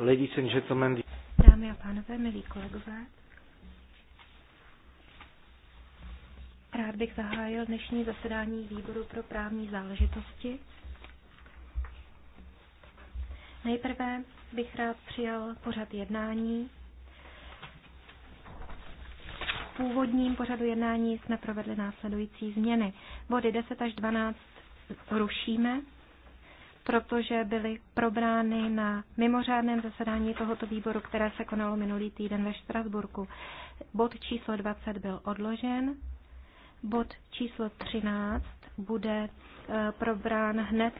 Ladies and gentlemen. Dámy a pánové, milí kolegové. Rád bych zahájil dnešní zasedání výboru pro právní záležitosti. Nejprve bych rád přijal pořad jednání. V původním pořadu jednání jsme provedli následující změny. Body 10 až 12 rušíme, protože byly probrány na mimořádném zasedání tohoto výboru, které se konalo minulý týden ve Štrasburku. Bod číslo 20 byl odložen, bod číslo 13 bude e, probrán hned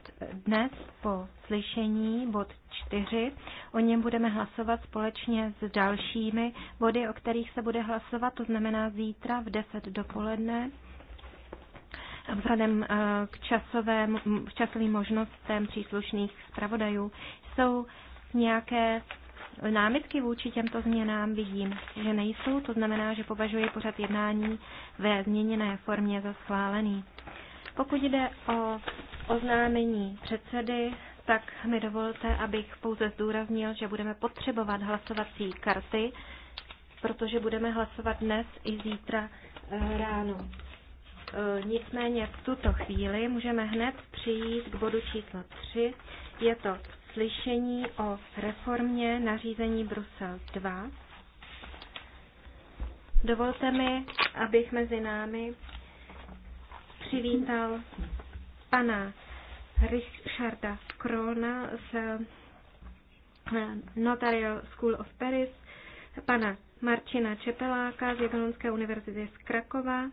dnes po slyšení, bod 4. O něm budeme hlasovat společně s dalšími body, o kterých se bude hlasovat, to znamená zítra v 10 dopoledne vzhledem eh, k, časovém, k časovým možnostem příslušných zpravodajů. Jsou nějaké námitky vůči těmto změnám? Vidím, že nejsou, to znamená, že považuji pořad jednání ve změněné formě za schválený. Pokud jde o oznámení předsedy, tak mi dovolte, abych pouze zdůraznil, že budeme potřebovat hlasovací karty, protože budeme hlasovat dnes i zítra eh, ráno. E, nicméně v tuto chvíli můžeme hned přijít k bodu číslo 3. Je to slyšení o reformě nařízení Brusel 2. Dovolte mi, abych mezi námi přivítal pana Richarda Krona z e, Notarial School of Paris, pana Marčina Čepeláka z Jablonské univerzity z Krakova,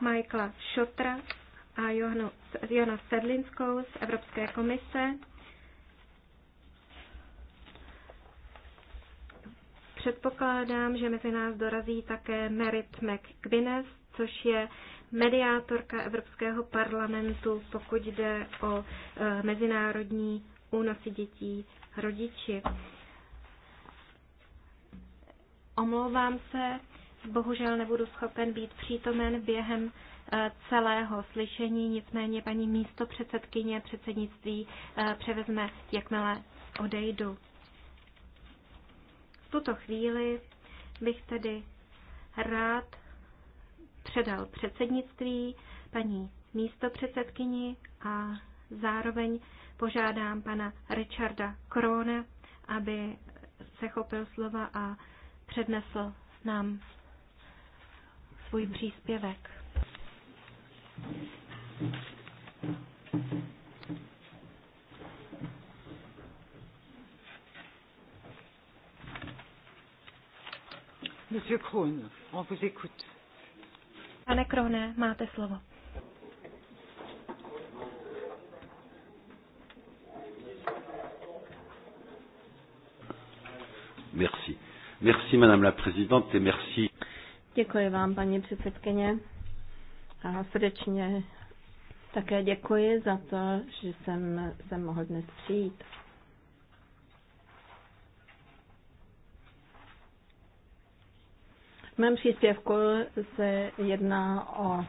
Michaela Šotra a Jona Sedlinskou z Evropské komise. Předpokládám, že mezi nás dorazí také Merit McGuinness, což je mediátorka Evropského parlamentu, pokud jde o e, mezinárodní únosy dětí rodiči. Omlouvám se, bohužel nebudu schopen být přítomen během eh, celého slyšení, nicméně paní místo předsedkyně předsednictví eh, převezme, jakmile odejdu. V tuto chvíli bych tedy rád předal předsednictví paní místo předsedkyni a zároveň požádám pana Richarda Krone, aby se chopil slova a přednesl nám svůj příspěvek. Monsieur Krohn, on vous écoute. Pane Krohne, máte slovo. Merci. Merci, Madame la Présidente, et merci. Děkuji vám, paní předsedkyně. A srdečně také děkuji za to, že jsem, se mohl dnes přijít. V mém příspěvku se jedná o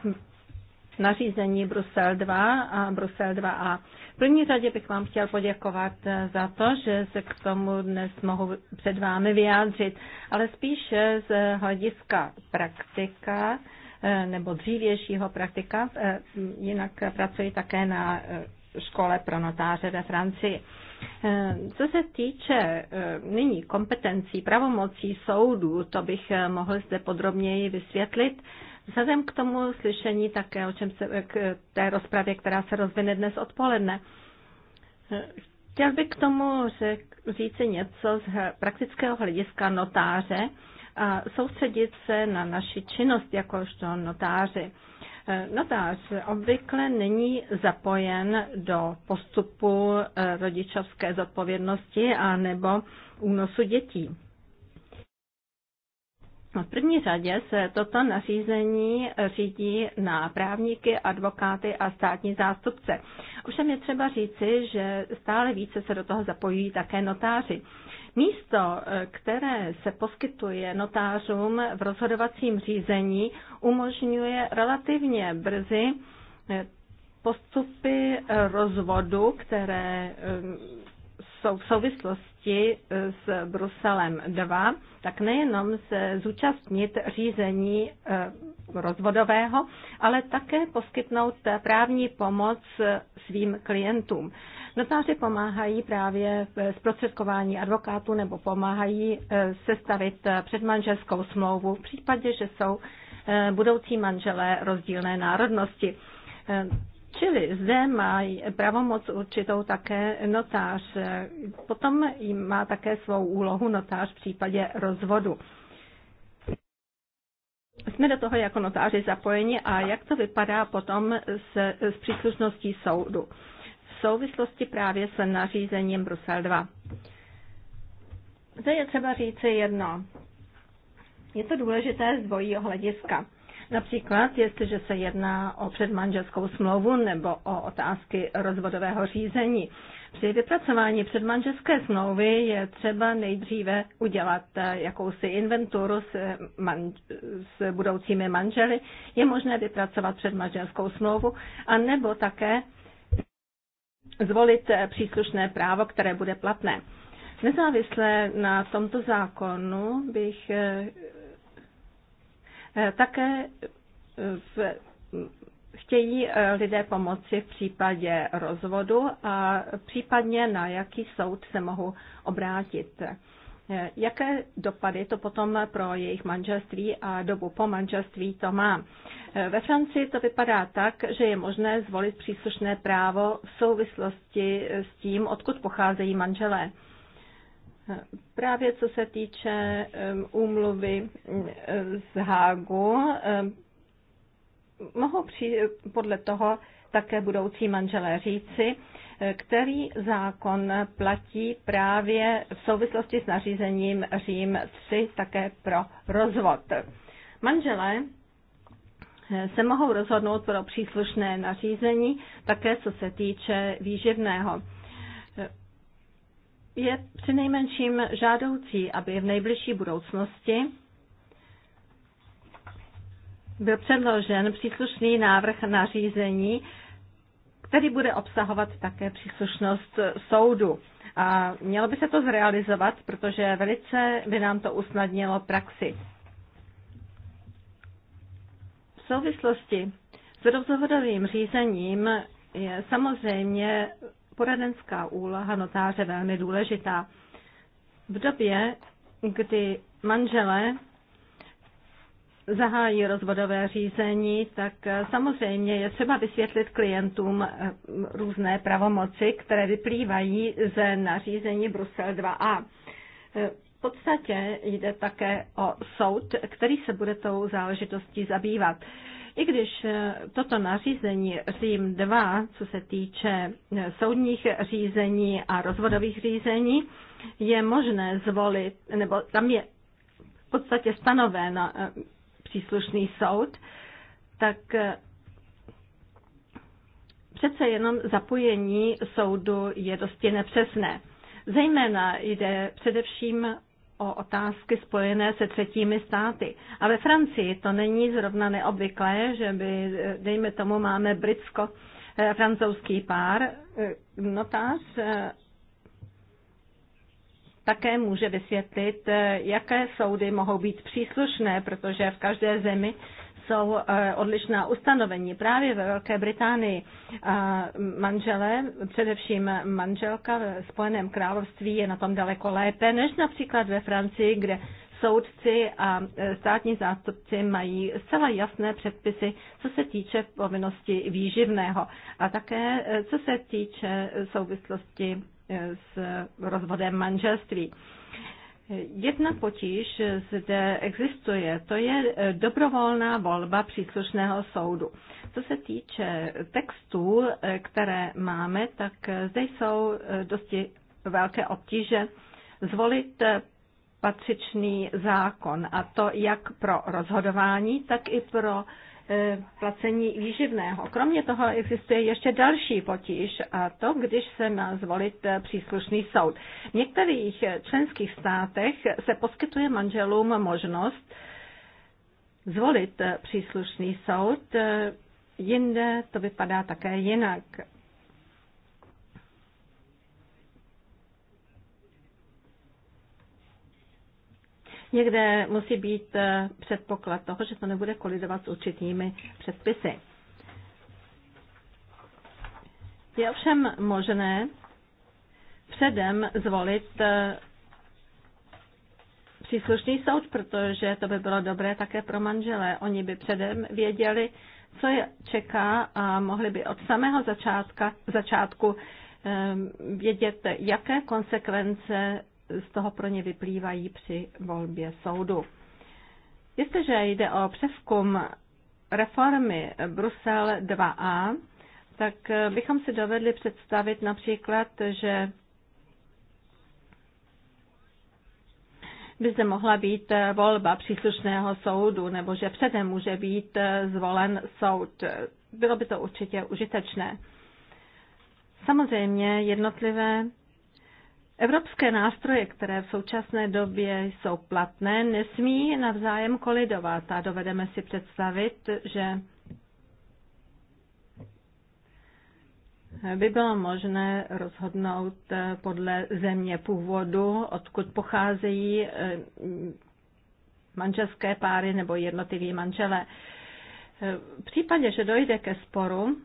nařízení Brusel 2 a Brusel 2a. V první řadě bych vám chtěl poděkovat za to, že se k tomu dnes mohu před vámi vyjádřit, ale spíše z hlediska praktika eh, nebo dřívějšího praktika, eh, jinak pracuji také na eh, škole pro notáře ve Francii. Co se týče nyní kompetencí, pravomocí soudů, to bych mohl zde podrobněji vysvětlit Vzhledem k tomu slyšení také, o čem se, k té rozpravě, která se rozvine dnes odpoledne, chtěl bych k tomu řek, říci něco z praktického hlediska notáře a soustředit se na naši činnost jakožto notáři. E, notář obvykle není zapojen do postupu e, rodičovské zodpovědnosti a nebo únosu dětí. No, v první řadě se toto nařízení řídí na právníky, advokáty a státní zástupce. Ovšem je třeba říci, že stále více se do toho zapojují také notáři. Místo, které se poskytuje notářům v rozhodovacím řízení, umožňuje relativně brzy eh, postupy rozvodu, které eh, jsou v souvislosti zkušenosti eh, s Bruselem 2, tak nejenom se zúčastnit řízení eh, rozvodového, ale také poskytnout právní pomoc eh, svým klientům. Notáři pomáhají právě v zprostředkování advokátů nebo pomáhají sestavit předmanželskou smlouvu v případě, že jsou budoucí manželé rozdílné národnosti. Čili zde má pravomoc určitou také notář. Potom má také svou úlohu notář v případě rozvodu. Jsme do toho jako notáři zapojeni a jak to vypadá potom s, s příslušností soudu v souvislosti právě s nařízením Brusel 2. Zde je třeba říci jedno. Je to důležité z dvojího hlediska. Například, jestliže se jedná o předmanželskou smlouvu nebo o otázky rozvodového řízení. Při vypracování předmanželské smlouvy je třeba nejdříve udělat eh, jakousi inventuru s, eh, man, s budoucími manželi. Je možné vypracovat předmanželskou smlouvu a nebo také zvolit eh, příslušné právo, které bude platné. Nezávisle na tomto zákonu bych Eh, také eh, v chtějí eh, lidé pomoci v případě rozvodu a případně na jaký soud se mohou obrátit. Jaké dopady to potom pro jejich manželství a dobu po manželství to má? Ve Francii to vypadá tak, že je možné zvolit příslušné právo v souvislosti s tím, odkud pocházejí manželé. Právě co se týče úmluvy z Hágu, mohou přijít podle toho také budoucí manželé říci, eh, který zákon platí právě v souvislosti s nařízením Řím 3 také pro rozvod. Manželé eh, se mohou rozhodnout pro příslušné nařízení, také co se týče výživného je přinejmenším žádoucí, aby v nejbližší budoucnosti byl předložen příslušný návrh nařízení, který bude obsahovat také příslušnost soudu. A mělo by se to zrealizovat, protože velice by nám to usnadnilo praxi. V souvislosti s rozhodovým řízením je samozřejmě poradenská úloha notáře velmi důležitá. V době, kdy manželé zahájí rozvodové řízení, tak eh, samozřejmě je třeba vysvětlit klientům eh, různé pravomoci, které vyplývají ze nařízení Brusel 2a. Eh, v podstatě jde také o soud, který se bude tou záležitostí zabývat. I když eh, toto nařízení Řím 2, co se týče eh, soudních řízení a rozvodových řízení, je možné zvolit, nebo tam je v podstatě stanoven eh, příslušný soud, tak přece jenom zapojení soudu je dosti nepřesné. Zejména jde především o otázky spojené se třetími státy. A ve Francii to není zrovna neobvyklé, že by, dejme tomu, máme britsko eh, francouzský pár, eh, notář eh, také může vysvětlit, jaké soudy mohou být příslušné, protože v každé zemi jsou eh, odlišná ustanovení. Právě ve Velké Británii eh, manželé, především manželka ve Spojeném království je na tom daleko lépe než například ve Francii, kde soudci a eh, státní zástupci mají zcela jasné předpisy, co se týče povinnosti výživného a také co se týče souvislosti s rozvodem manželství. Jedna potíž zde existuje, to je e, dobrovolná volba příslušného soudu. Co se týče textů, e, které máme, tak e, zde jsou dosti velké obtíže zvolit patřičný zákon, a to jak pro rozhodování, tak i pro E, placení výživného. Kromě toho existuje ještě další potíž a to, když se má zvolit e, příslušný soud. V některých členských státech se poskytuje manželům možnost zvolit e, příslušný soud, jinde to vypadá také jinak. Někde musí být eh, předpoklad toho, že to nebude kolidovat s určitými předpisy. Je ovšem možné předem zvolit eh, příslušný soud, protože to by bylo dobré také pro manžele. Oni by předem věděli, co je čeká a mohli by od samého začátka, začátku eh, vědět, jaké konsekvence z toho pro ně vyplývají při volbě soudu. Jestliže jde o převkum reformy Brusel 2a, tak bychom si dovedli představit například, že by zde mohla být volba příslušného soudu, nebo že předem může být zvolen soud. Bylo by to určitě užitečné. Samozřejmě jednotlivé Evropské nástroje, které v současné době jsou platné, nesmí navzájem kolidovat a dovedeme si představit, že by bylo možné rozhodnout podle země původu, odkud pocházejí eh, manželské páry nebo jednotliví manželé. V případě, že dojde ke sporu,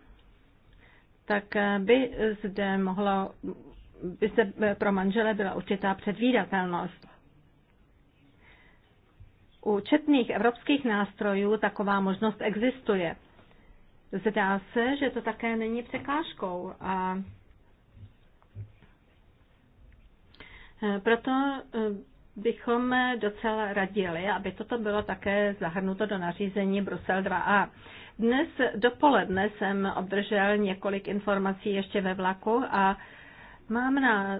tak by zde mohlo by se eh, pro manžele byla určitá předvídatelnost. U četných evropských nástrojů taková možnost existuje. Zdá se, že to také není překážkou a eh, proto eh, bychom docela radili, aby toto bylo také zahrnuto do nařízení Brusel 2a. Dnes dopoledne jsem obdržel několik informací ještě ve vlaku a Mám na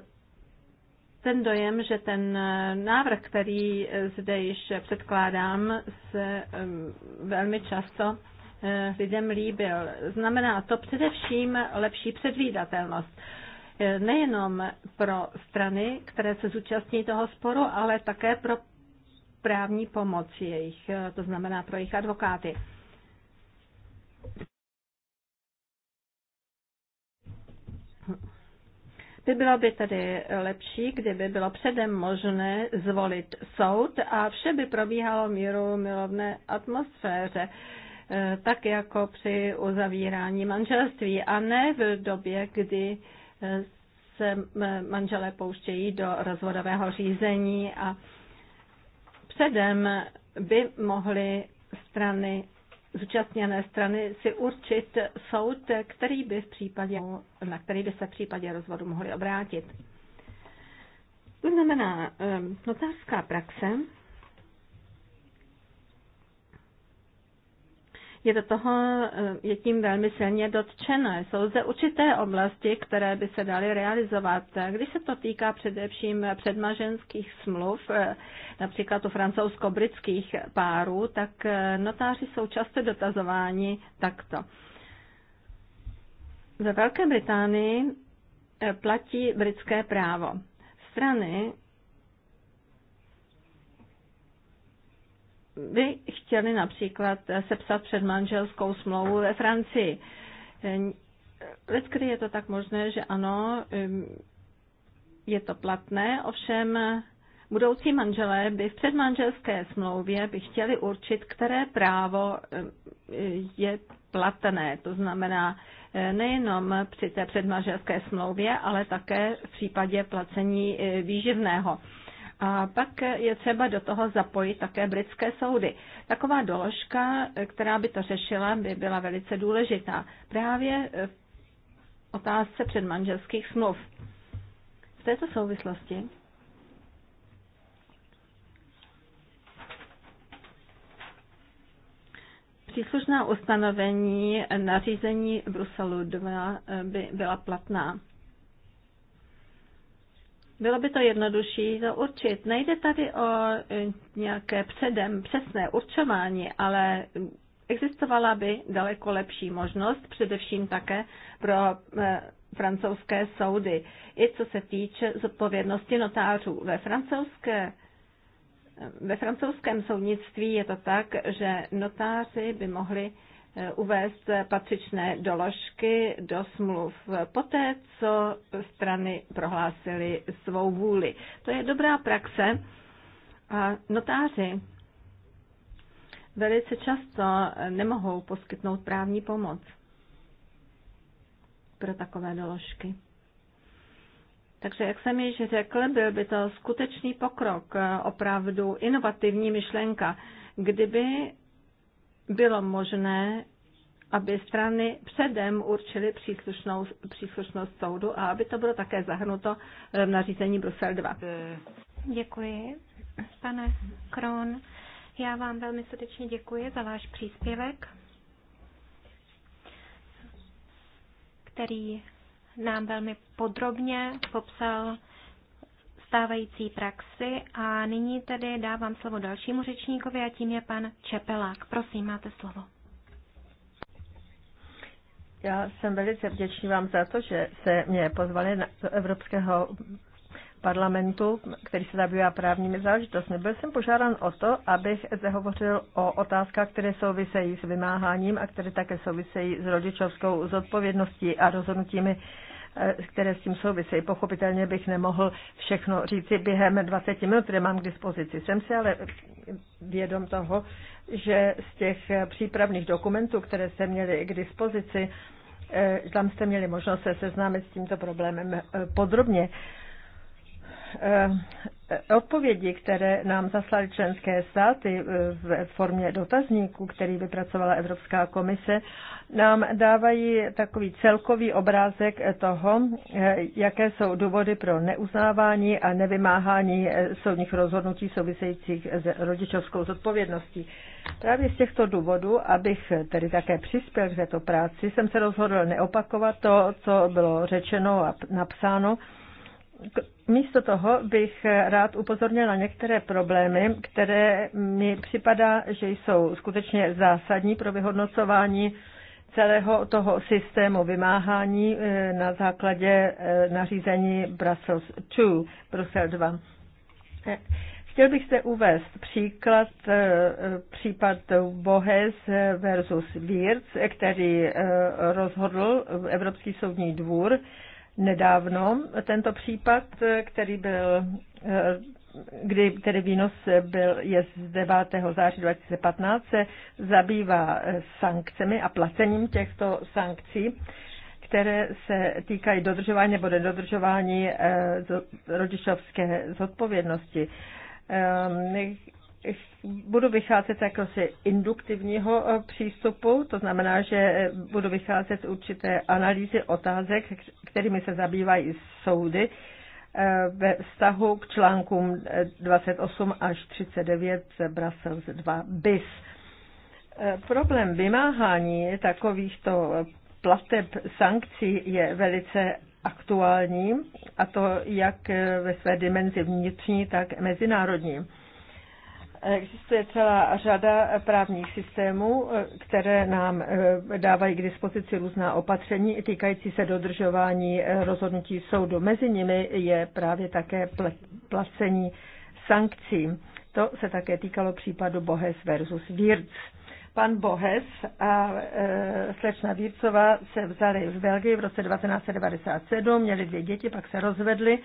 ten dojem, že ten eh, návrh, který eh, zde již předkládám, se ehm, velmi často eh, lidem líbil. Znamená to především lepší předvídatelnost. Nejenom pro strany, které se zúčastní toho sporu, ale také pro právní pomoc jejich, to znamená pro jejich advokáty. by bylo by tedy lepší, kdyby bylo předem možné zvolit soud a vše by probíhalo v míru milovné atmosféře eh, tak jako při uzavírání manželství a ne v době, kdy eh, se eh, manželé pouštějí do rozvodového řízení a předem by mohly strany zúčastněné strany si určit soud, který by v případě, na který by se v případě rozvodu mohli obrátit. To znamená, eh, notářská praxe je do toho, eh, je tím velmi silně dotčené. Jsou zde určité oblasti, které by se daly realizovat. Když se to týká především předmaženských smluv, eh, například u francouzsko-britských párů, tak eh, notáři jsou často dotazováni takto. Ve Velké Británii platí britské právo. Strany by chtěli například sepsat předmanželskou smlouvu ve Francii. Lidskdy je to tak možné, že ano, um, je to platné, ovšem budoucí manželé by v předmanželské smlouvě by chtěli určit, které právo um, je platné. To znamená eh, nejenom při té předmanželské smlouvě, ale také v případě placení eh, výživného. A pak je třeba do toho zapojit také britské soudy. Taková doložka, která by to řešila, by byla velice důležitá. Právě v otázce předmanželských smluv. V této souvislosti příslušná ustanovení nařízení Bruselu 2 by byla platná. Bylo by to jednodušší to určit. Nejde tady o e, nějaké předem přesné určování, ale existovala by daleko lepší možnost, především také pro e, francouzské soudy, i co se týče zodpovědnosti notářů. Ve francouzské e, ve francouzském soudnictví je to tak, že notáři by mohli Eh, uvést patřičné doložky do smluv poté, co strany prohlásily svou vůli. To je dobrá praxe a notáři velice často nemohou poskytnout právní pomoc pro takové doložky. Takže, jak jsem již řekl, byl by to skutečný pokrok, eh, opravdu inovativní myšlenka, kdyby bylo možné, aby strany předem určily příslušnou, příslušnost soudu a aby to bylo také zahrnuto eh, v nařízení Brusel 2. Děkuji, pane Kron. Já vám velmi srdečně děkuji za váš příspěvek, který nám velmi podrobně popsal stávající praxi a nyní tedy dávám slovo dalšímu řečníkovi a tím je pan Čepelák. Prosím, máte slovo. Já jsem velice vděčný vám za to, že se mě pozvali do Evropského parlamentu, který se zabývá právními záležitostmi. Byl jsem požádán o to, abych zde o otázkách, které souvisejí s vymáháním a které také souvisejí s rodičovskou zodpovědností a rozhodnutími Eh, které s tím souvisejí. Pochopitelně bych nemohl všechno říci během 20 minut, které mám k dispozici. Jsem si ale vědom toho, že z těch přípravných dokumentů, které jste měli k dispozici, eh, tam jste měli možnost se seznámit s tímto problémem eh, podrobně odpovědi, které nám zaslaly členské státy eh, v formě dotazníku, který vypracovala Evropská komise, nám dávají takový celkový obrázek toho, eh, jaké jsou důvody pro neuznávání a nevymáhání eh, soudních rozhodnutí souvisejících s rodičovskou zodpovědností. Právě z těchto důvodů, abych tedy také přispěl k této práci, jsem se rozhodl neopakovat to, co bylo řečeno a napsáno místo toho bych rád upozornil na některé problémy, které mi připadá, že jsou skutečně zásadní pro vyhodnocování celého toho systému vymáhání eh, na základě eh, nařízení Brussels 2, Brusel 2. Chtěl bych zde uvést příklad eh, případ Bohes versus Wirtz, který rozhodl Evropský soudní dvůr nedávno tento případ, který byl, eh, kdy tedy výnos byl, je z 9. září 2015, se zabývá eh, sankcemi a placením těchto sankcí které se týkají dodržování nebo nedodržování eh, rodičovské zodpovědnosti budu vycházet jako z induktivního eh, přístupu, to znamená, že eh, budu vycházet z určité analýzy otázek, kterými se zabývají soudy eh, ve vztahu k článkům 28 až 39 z Brussels 2 bis. Problém vymáhání takovýchto plateb sankcí je velice aktuální, a to jak ve své dimenzi vnitřní, tak mezinárodní. Existuje celá řada právních systémů, které nám eh, dávají k dispozici různá opatření týkající se dodržování eh, rozhodnutí soudu. Mezi nimi je právě také placení sankcí. To se také týkalo případu Bohes versus Wirtz. Pan Bohes a e, slečna Vírcová se vzali v Belgii v roce 1997, měli dvě děti, pak se rozvedli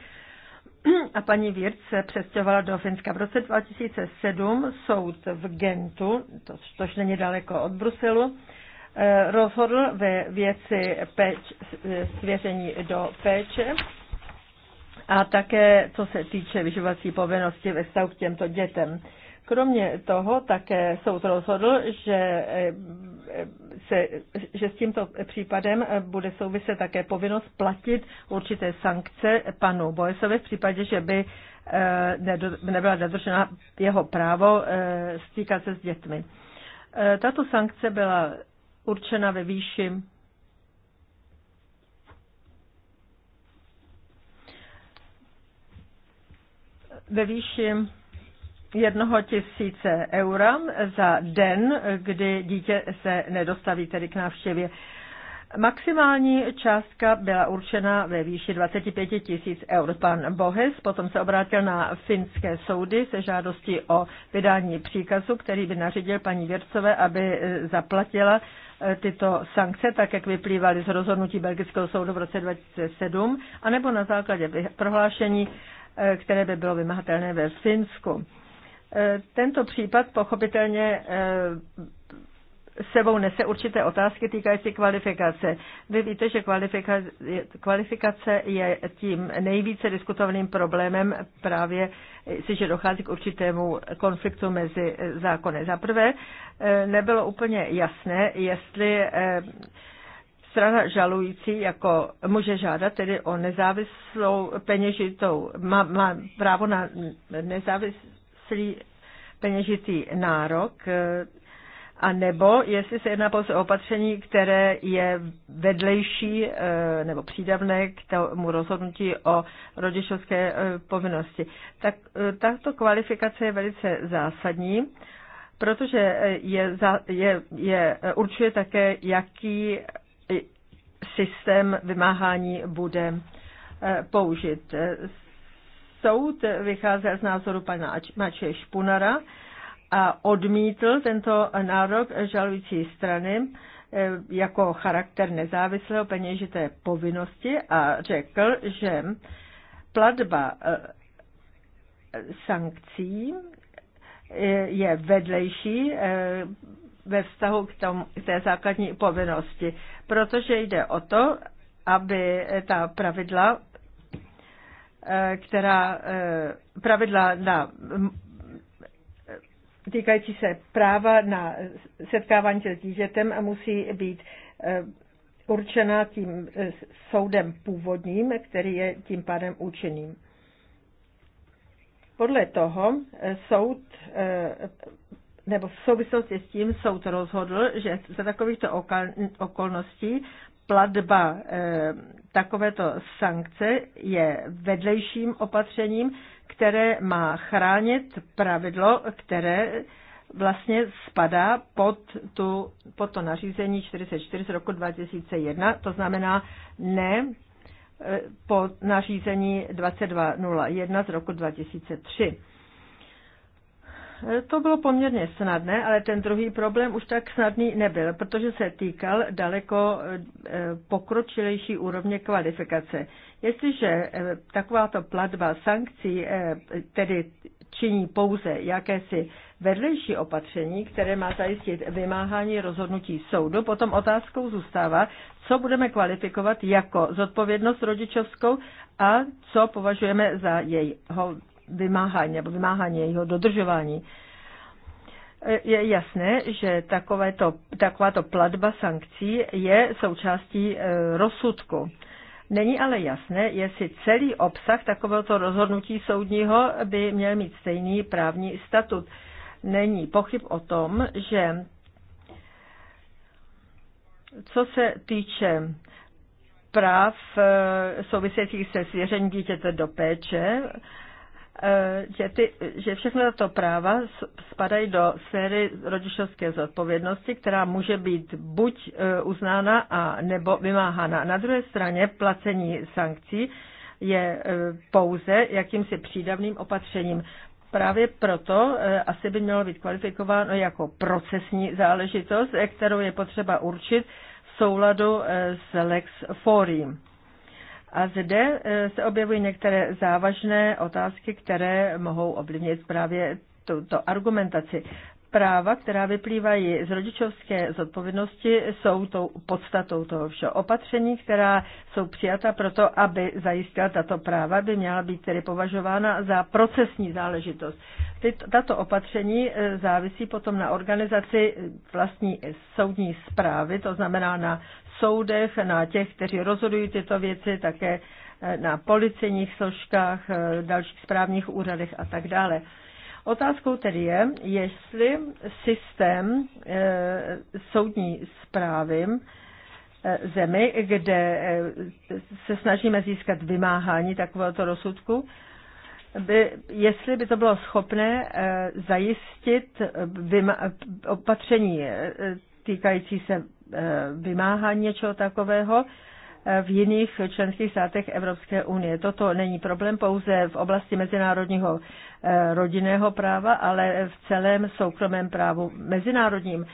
a paní Virc se přestěhovala do Finska. V roce 2007 soud v Gentu, to, což není daleko od Bruselu, eh, rozhodl ve věci péč, eh, svěření do péče a také co se týče vyživovací povinnosti ve vztahu k těmto dětem. Kromě toho také soud rozhodl, že, eh, se, že s tímto případem bude souviset také povinnost platit určité sankce panu Boesovi v případě, že by eh, nebyla dodržena jeho právo eh, stýkat se s dětmi. Tato sankce byla určena ve výši ve výši jednoho tisíce eura za den, kdy dítě se nedostaví tedy k návštěvě. Maximální částka byla určena ve výši 25 tisíc eur. Pan Bohes potom se obrátil na finské soudy se žádostí o vydání příkazu, který by nařídil paní Věrcové, aby e, zaplatila e, tyto sankce, tak jak vyplývaly z rozhodnutí Belgického soudu v roce 2007, anebo na základě prohlášení, e, které by bylo vymahatelné ve Finsku. E, tento případ pochopitelně e, sebou nese určité otázky týkající kvalifikace. Vy víte, že kvalifikace, je tím nejvíce diskutovaným problémem právě, že dochází k určitému konfliktu mezi e, zákony. Za prvé, nebylo úplně jasné, jestli strana žalující jako může žádat tedy o nezávislou peněžitou, má, má právo na nezávislou celý peněžitý nárok, eh, a nebo jestli se jedná pouze o opatření, které je vedlejší eh, nebo přídavné k tomu rozhodnutí o rodičovské eh, povinnosti. Tak tato kvalifikace je velice zásadní, protože je, je, je, určuje také, jaký systém vymáhání bude použit soud vycházel z názoru pana Mače Špunara a odmítl tento nárok žalující strany eh, jako charakter nezávislého peněžité povinnosti a řekl, že platba eh, sankcí eh, je vedlejší ve vztahu k, tom, k té základní povinnosti, protože jde o to, aby ta pravidla Eh, která eh, pravidla na týkající se práva na setkávání se s dítětem musí být eh, určena tím soudem původním, který je tím pádem účinným. Podle toho soud nebo v souvislosti s tím soud rozhodl, že za takovýchto okolností platba eh, takovéto sankce je vedlejším opatřením, které má chránit pravidlo, které vlastně spadá pod, tu, pod to nařízení 44 z roku 2001, to znamená ne eh, pod nařízení 2201 z roku 2003. To bylo poměrně snadné, ale ten druhý problém už tak snadný nebyl, protože se týkal daleko eh, pokročilejší úrovně kvalifikace. Jestliže eh, takováto platba sankcí eh, tedy činí pouze jakési vedlejší opatření, které má zajistit vymáhání rozhodnutí soudu, potom otázkou zůstává, co budeme kvalifikovat jako zodpovědnost rodičovskou a co považujeme za jeho vymáhání nebo vymáhání jeho dodržování. Je jasné, že takovéto, takováto platba sankcí je součástí e, rozsudku. Není ale jasné, jestli celý obsah takovéhoto rozhodnutí soudního by měl mít stejný právní statut. Není pochyb o tom, že co se týče práv e, souvisejících se svěření dítěte do péče, Eh, že, ty, že všechno tato práva spadají do sféry rodičovské zodpovědnosti, která může být buď eh, uznána a nebo vymáhána. Na druhé straně placení sankcí je eh, pouze jakýmsi přídavným opatřením. Právě proto asi by mělo být kvalifikováno jako procesní záležitost, kterou je potřeba určit v souladu s lex forum. A zde e, se objevují některé závažné otázky, které mohou ovlivnit právě tuto argumentaci. Práva, která vyplývají z rodičovské zodpovědnosti, jsou tou podstatou toho všeho. Opatření, která jsou přijata proto, aby zajistila tato práva, by měla být tedy považována za procesní záležitost. Tato opatření e, závisí potom na organizaci vlastní soudní zprávy, to znamená na soudech, na těch, kteří rozhodují tyto věci, také eh, na policejních složkách, eh, dalších správních úřadech a tak dále. Otázkou tedy je, jestli systém eh, soudní zprávy zemi, kde se snažíme získat vymáhání takovéhoto rozsudku, by, jestli by to bylo schopné zajistit opatření týkající se eh, vymáhání něčeho takového eh, v jiných členských státech Evropské unie. Toto není problém pouze v oblasti mezinárodního eh, rodinného práva, ale v celém soukromém právu mezinárodním.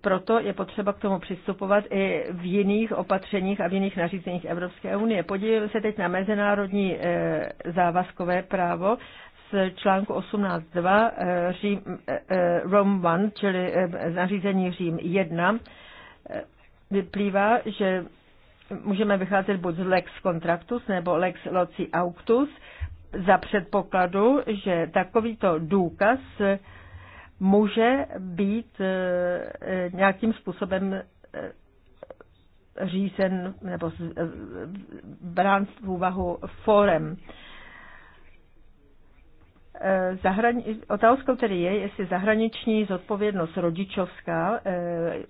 Proto je potřeba k tomu přistupovat i v jiných opatřeních a v jiných nařízeních Evropské unie. Podívejme se teď na mezinárodní závazkové právo z článku 18.2 eh, Řím, eh, eh, Rome 1, čili nařízení Řím 1, vyplývá, že můžeme vycházet buď z lex contractus nebo lex loci auctus za předpokladu, že takovýto důkaz může být nějakým způsobem řízen nebo brán v úvahu forem. Eh, zahrani- otázkou tedy je, jestli zahraniční zodpovědnost rodičovská, eh,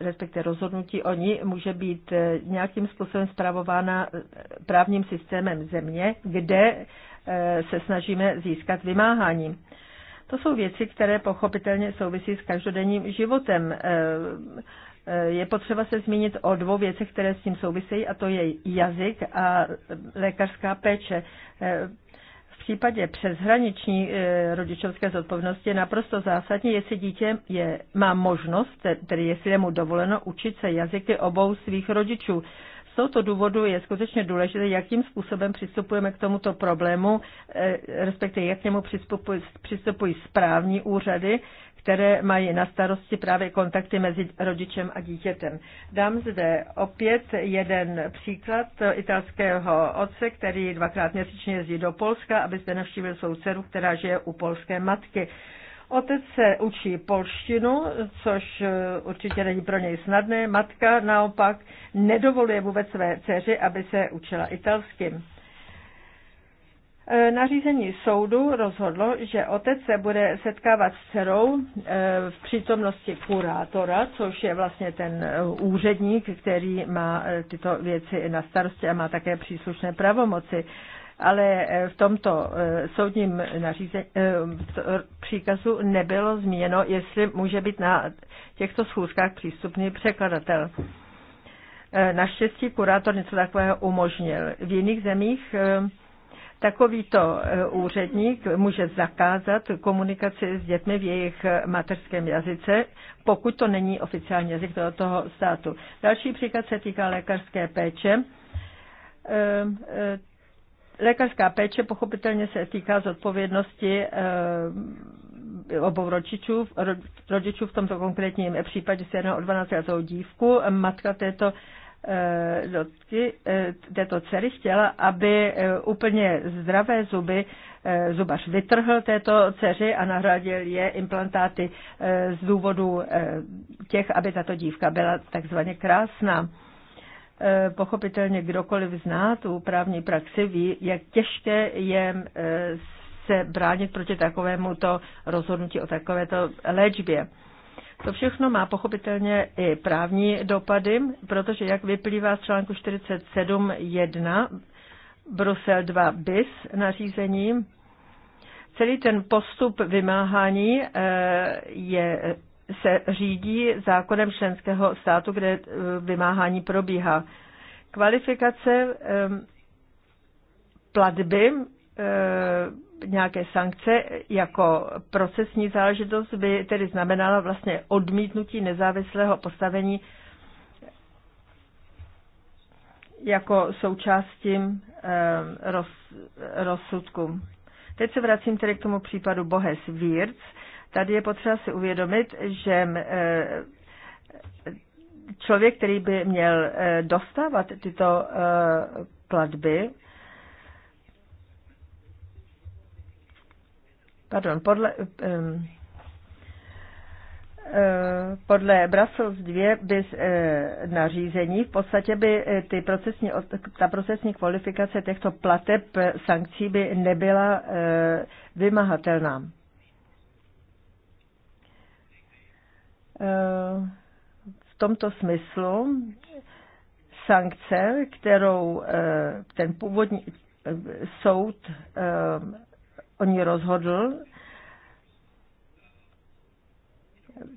respektive rozhodnutí o ní, může být eh, nějakým způsobem zpravována právním systémem země, kde se snažíme získat vymáhání. To jsou věci, které pochopitelně souvisí s každodenním životem. Je potřeba se zmínit o dvou věcech, které s tím souvisejí, a to je jazyk a lékařská péče případě přeshraniční eh, rodičovské zodpovědnosti je naprosto zásadní, jestli dítě je, má možnost, tedy jestli je mu dovoleno učit se jazyky obou svých rodičů. Z tohoto důvodu je skutečně důležité, jakým způsobem přistupujeme k tomuto problému, eh, respektive jak k němu přistupují správní úřady, které mají na starosti právě kontakty mezi rodičem a dítětem. Dám zde opět jeden příklad italského otce, který dvakrát měsíčně jezdí do Polska, aby zde navštívil svou dceru, která žije u polské matky. Otec se učí polštinu, což eh, určitě není pro něj snadné. Matka naopak nedovoluje vůbec své dceři, aby se učila italským. E, nařízení soudu rozhodlo, že otec se bude setkávat s dcerou e, v přítomnosti kurátora, což je vlastně ten e, úředník, který má tyto věci na starosti a má také příslušné pravomoci. Ale v tomto soudním nařízení, příkazu nebylo zmíněno, jestli může být na těchto schůzkách přístupný překladatel. Naštěstí kurátor něco takového umožnil. V jiných zemích Takovýto e, úředník může zakázat komunikaci s dětmi v jejich mateřském jazyce, pokud to není oficiální jazyk toho státu. Další příklad se týká lékařské péče. E, e, lékařská péče pochopitelně se týká zodpovědnosti obou rodičů, rodičů v tomto konkrétním případě se jedná o 12 letou dívku. Matka této Eh, dotky eh, této dcery chtěla, aby eh, úplně zdravé zuby zubař vytrhl této dceři a nahradil je implantáty z důvodu těch, aby tato dívka byla takzvaně krásná. Pochopitelně kdokoliv zná tu právní praxi ví, jak těžké je se bránit proti takovému to rozhodnutí o takovéto léčbě to všechno má pochopitelně i právní dopady, protože jak vyplývá z článku 47.1 Brusel 2 bis nařízení, celý ten postup vymáhání eh, je, se řídí zákonem členského státu, kde eh, vymáhání probíhá. Kvalifikace eh, platby nějaké sankce jako procesní záležitost by tedy znamenala vlastně odmítnutí nezávislého postavení jako součástí eh, roz, rozsudku. Teď se vracím tedy k tomu případu Bohes Wirtz. Tady je potřeba si uvědomit, že eh, člověk, který by měl eh, dostávat tyto platby, pardon, podle, um, podle Brussels 2 by eh, nařízení v podstatě by ty procesní, ta procesní kvalifikace těchto plateb sankcí by nebyla vymahatelná. V tomto smyslu sankce, kterou ten původní soud o ní rozhodl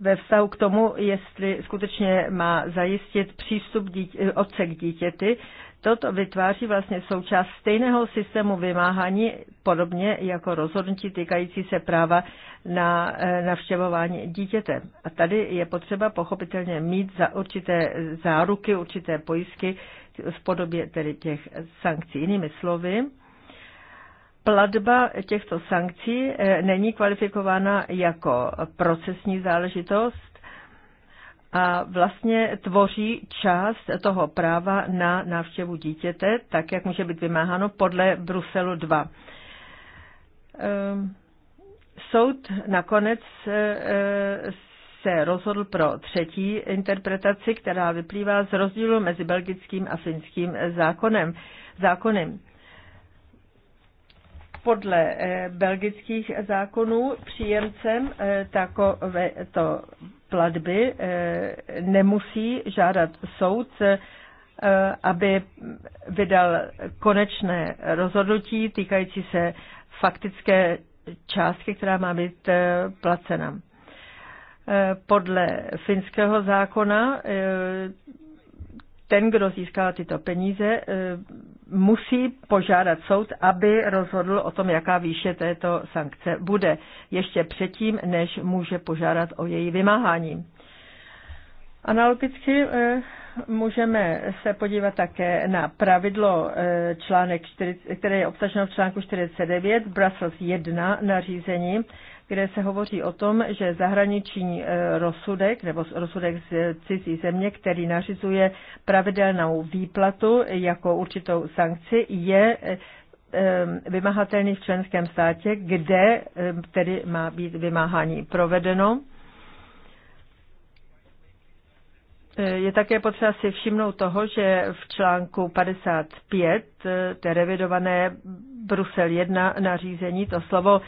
ve vztahu k tomu, jestli skutečně má zajistit přístup dítě, otce k dítěti. Toto vytváří vlastně součást stejného systému vymáhání, podobně jako rozhodnutí týkající se práva na eh, navštěvování dítěte. A tady je potřeba pochopitelně mít za určité záruky, určité pojistky v podobě tedy těch sankcí. Jinými slovy, platba těchto sankcí eh, není kvalifikována jako procesní záležitost a vlastně tvoří část toho práva na návštěvu dítěte, tak jak může být vymáháno podle Bruselu 2. Ehm, soud nakonec eh, eh, se rozhodl pro třetí interpretaci, která vyplývá z rozdílu mezi belgickým a finským zákonem. zákonem podle eh, belgických zákonů příjemcem eh, takovéto platby eh, nemusí žádat soud, aby vydal konečné rozhodnutí týkající se faktické částky, která má být placena. Podle finského zákona ten, kdo získá tyto peníze, e, musí požádat soud, aby rozhodl o tom, jaká výše této sankce bude, ještě předtím, než může požádat o její vymáhání. Analogicky e, můžeme se podívat také na pravidlo, e, článek 40, které je obsaženo v článku 49 Brussels 1 nařízení kde se hovoří o tom, že zahraniční e, rozsudek nebo rozsudek z cizí země, který nařizuje pravidelnou výplatu jako určitou sankci, je e, e, vymahatelný v členském státě, kde tedy má být vymáhání provedeno. Je také potřeba si všimnout toho, že v článku 55 té revidované Brusel 1 nařízení to slovo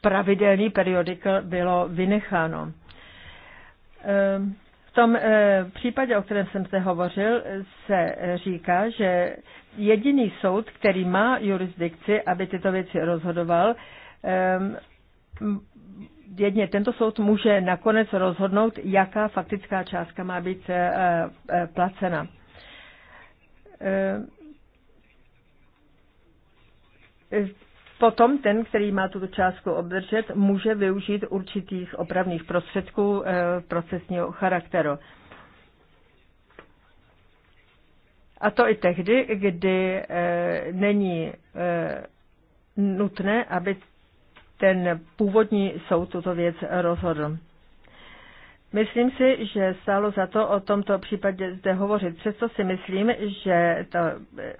pravidelný periodikl bylo vynecháno. Ehm, v tom eh, případě, o kterém jsem se hovořil, se říká, že jediný soud, který má jurisdikci, aby tyto věci rozhodoval, ehm, jedně tento soud může nakonec rozhodnout, jaká faktická částka má být eh, eh, placena. Ehm, Potom ten, který má tuto částku obdržet, může využít určitých opravných prostředků eh, procesního charakteru. A to i tehdy, kdy eh, není eh, nutné, aby ten původní soud tuto věc rozhodl. Myslím si, že stálo za to o tomto případě zde hovořit. Přesto si myslím, že ta,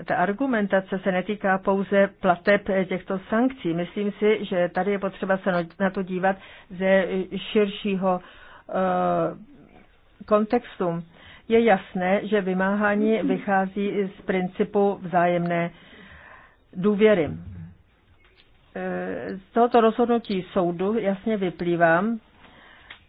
ta argumentace se netýká pouze plateb těchto sankcí. Myslím si, že tady je potřeba se na to dívat ze širšího uh, kontextu. Je jasné, že vymáhání vychází z principu vzájemné důvěry. Eh, z tohoto rozhodnutí soudu jasně vyplývám,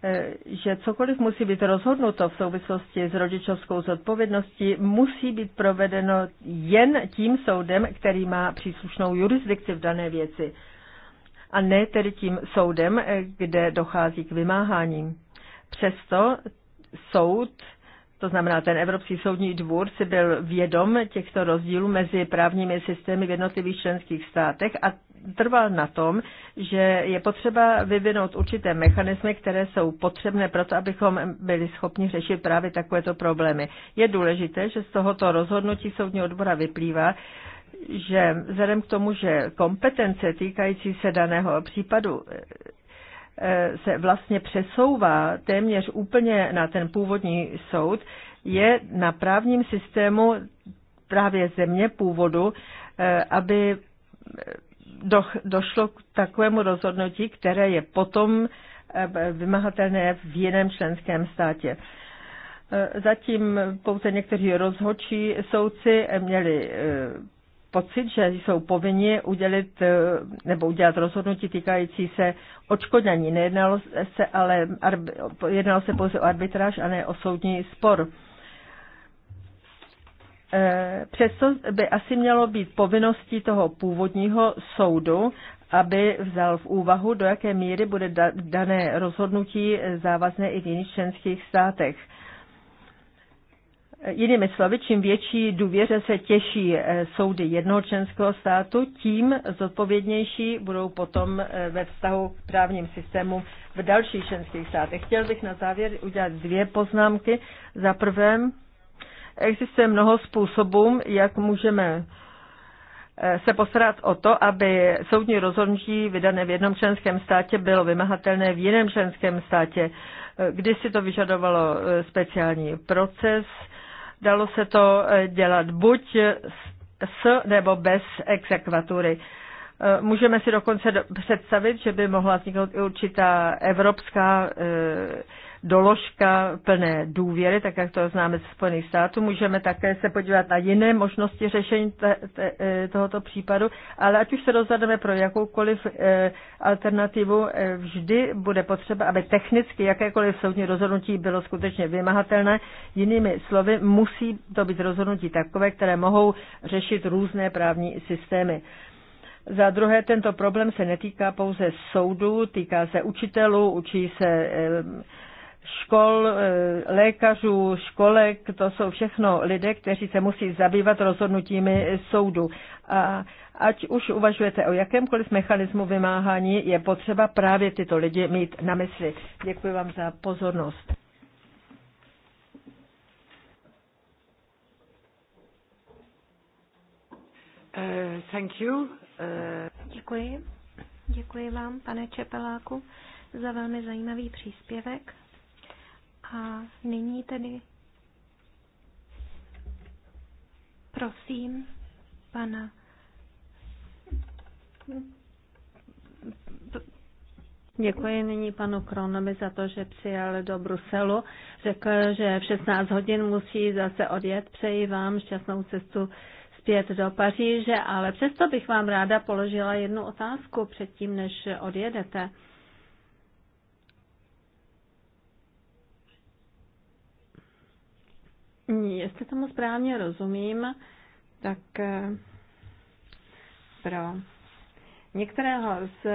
Eh, že cokoliv musí být rozhodnuto v souvislosti s rodičovskou zodpovědností, musí být provedeno jen tím soudem, který má příslušnou jurisdikci v dané věci, a ne tedy tím soudem, eh, kde dochází k vymáháním. Přesto soud to znamená, ten Evropský soudní dvůr si byl vědom těchto rozdílů mezi právními systémy v jednotlivých členských státech a trval na tom, že je potřeba vyvinout určité mechanismy, které jsou potřebné pro to, abychom byli schopni řešit právě takovéto problémy. Je důležité, že z tohoto rozhodnutí soudního odbora vyplývá, že vzhledem k tomu, že kompetence týkající se daného případu Eh, se vlastně přesouvá téměř úplně na ten původní soud, je na právním systému právě země původu, eh, aby eh, došlo k takovému rozhodnutí, které je potom vymahatelné v jiném členském státě. Zatím pouze někteří rozhodčí soudci měli pocit, že jsou povinni udělit eh, nebo udělat rozhodnutí týkající se očkodnění. Nejednalo se ale jednalo se pouze o arbitráž a ne o soudní spor. Eh, přesto by asi mělo být povinností toho původního soudu, aby vzal v úvahu, do jaké míry bude dané rozhodnutí závazné i v jiných členských státech. Jinými slovy, čím větší důvěře se těší eh, soudy jednoho členského státu, tím zodpovědnější budou potom eh, ve vztahu k právním systému v dalších členských státech. Chtěl bych na závěr udělat dvě poznámky. Za prvé, existuje mnoho způsobů, jak můžeme eh, se postarat o to, aby soudní rozhodnutí vydané v jednom členském státě bylo vymahatelné v jiném členském státě. Kdy si to vyžadovalo speciální proces, Dalo se to eh, dělat buď s nebo bez exekvatury. Eh, můžeme si dokonce představit, že by mohla vzniknout i určitá evropská eh, doložka plné důvěry, tak jak to známe ze Spojených států. Můžeme také se podívat na jiné možnosti řešení te, te, e, tohoto případu, ale ať už se rozhodneme pro jakoukoliv eh, alternativu, eh, vždy bude potřeba, aby technicky jakékoliv soudní rozhodnutí bylo skutečně vymahatelné. Jinými slovy, musí to být rozhodnutí takové, které mohou řešit různé právní systémy. Za druhé, tento problém se netýká pouze soudů, týká se učitelů, učí se e, škol, eh, lékařů, školek, to jsou všechno lidé, kteří se musí zabývat rozhodnutími soudu. A ať už uvažujete o jakémkoliv mechanismu vymáhání, je potřeba právě tyto lidi mít na mysli. Děkuji vám za pozornost. Uh, thank you. Uh... Děkuji. Děkuji vám, pane Čepeláku, za velmi zajímavý příspěvek. A nyní tedy prosím pana Děkuji nyní panu Kronovi za to, že přijel do Bruselu. Řekl, že v 16 hodin musí zase odjet. Přeji vám šťastnou cestu zpět do Paříže, ale přesto bych vám ráda položila jednu otázku předtím, než odjedete. Jestli tomu správně rozumím, tak eh, pro některého z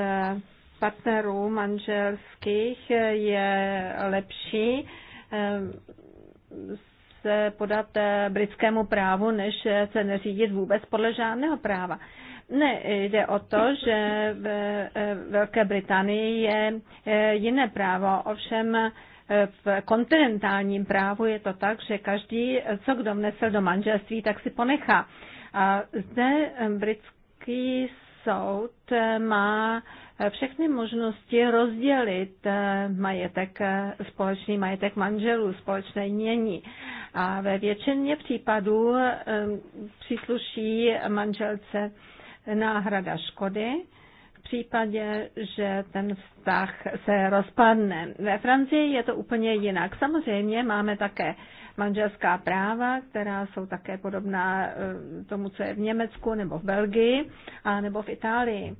partnerů manželských je lepší eh, se podat eh, britskému právu, než se neřídit vůbec podle žádného práva. Ne, jde o to, že v Velké Británii je jiné právo, ovšem v kontinentálním právu je to tak, že každý, co kdo vnesl do manželství, tak si ponechá. A zde eh, britský soud eh, má eh, všechny možnosti rozdělit majetek, společný majetek manželů, společné mění. A ve většině případů přísluší manželce náhrada škody případě, že ten vztah se rozpadne. Ve Francii je to úplně jinak. Samozřejmě máme také manželská práva, která jsou také podobná eh, tomu, co je v Německu nebo v Belgii a nebo v Itálii.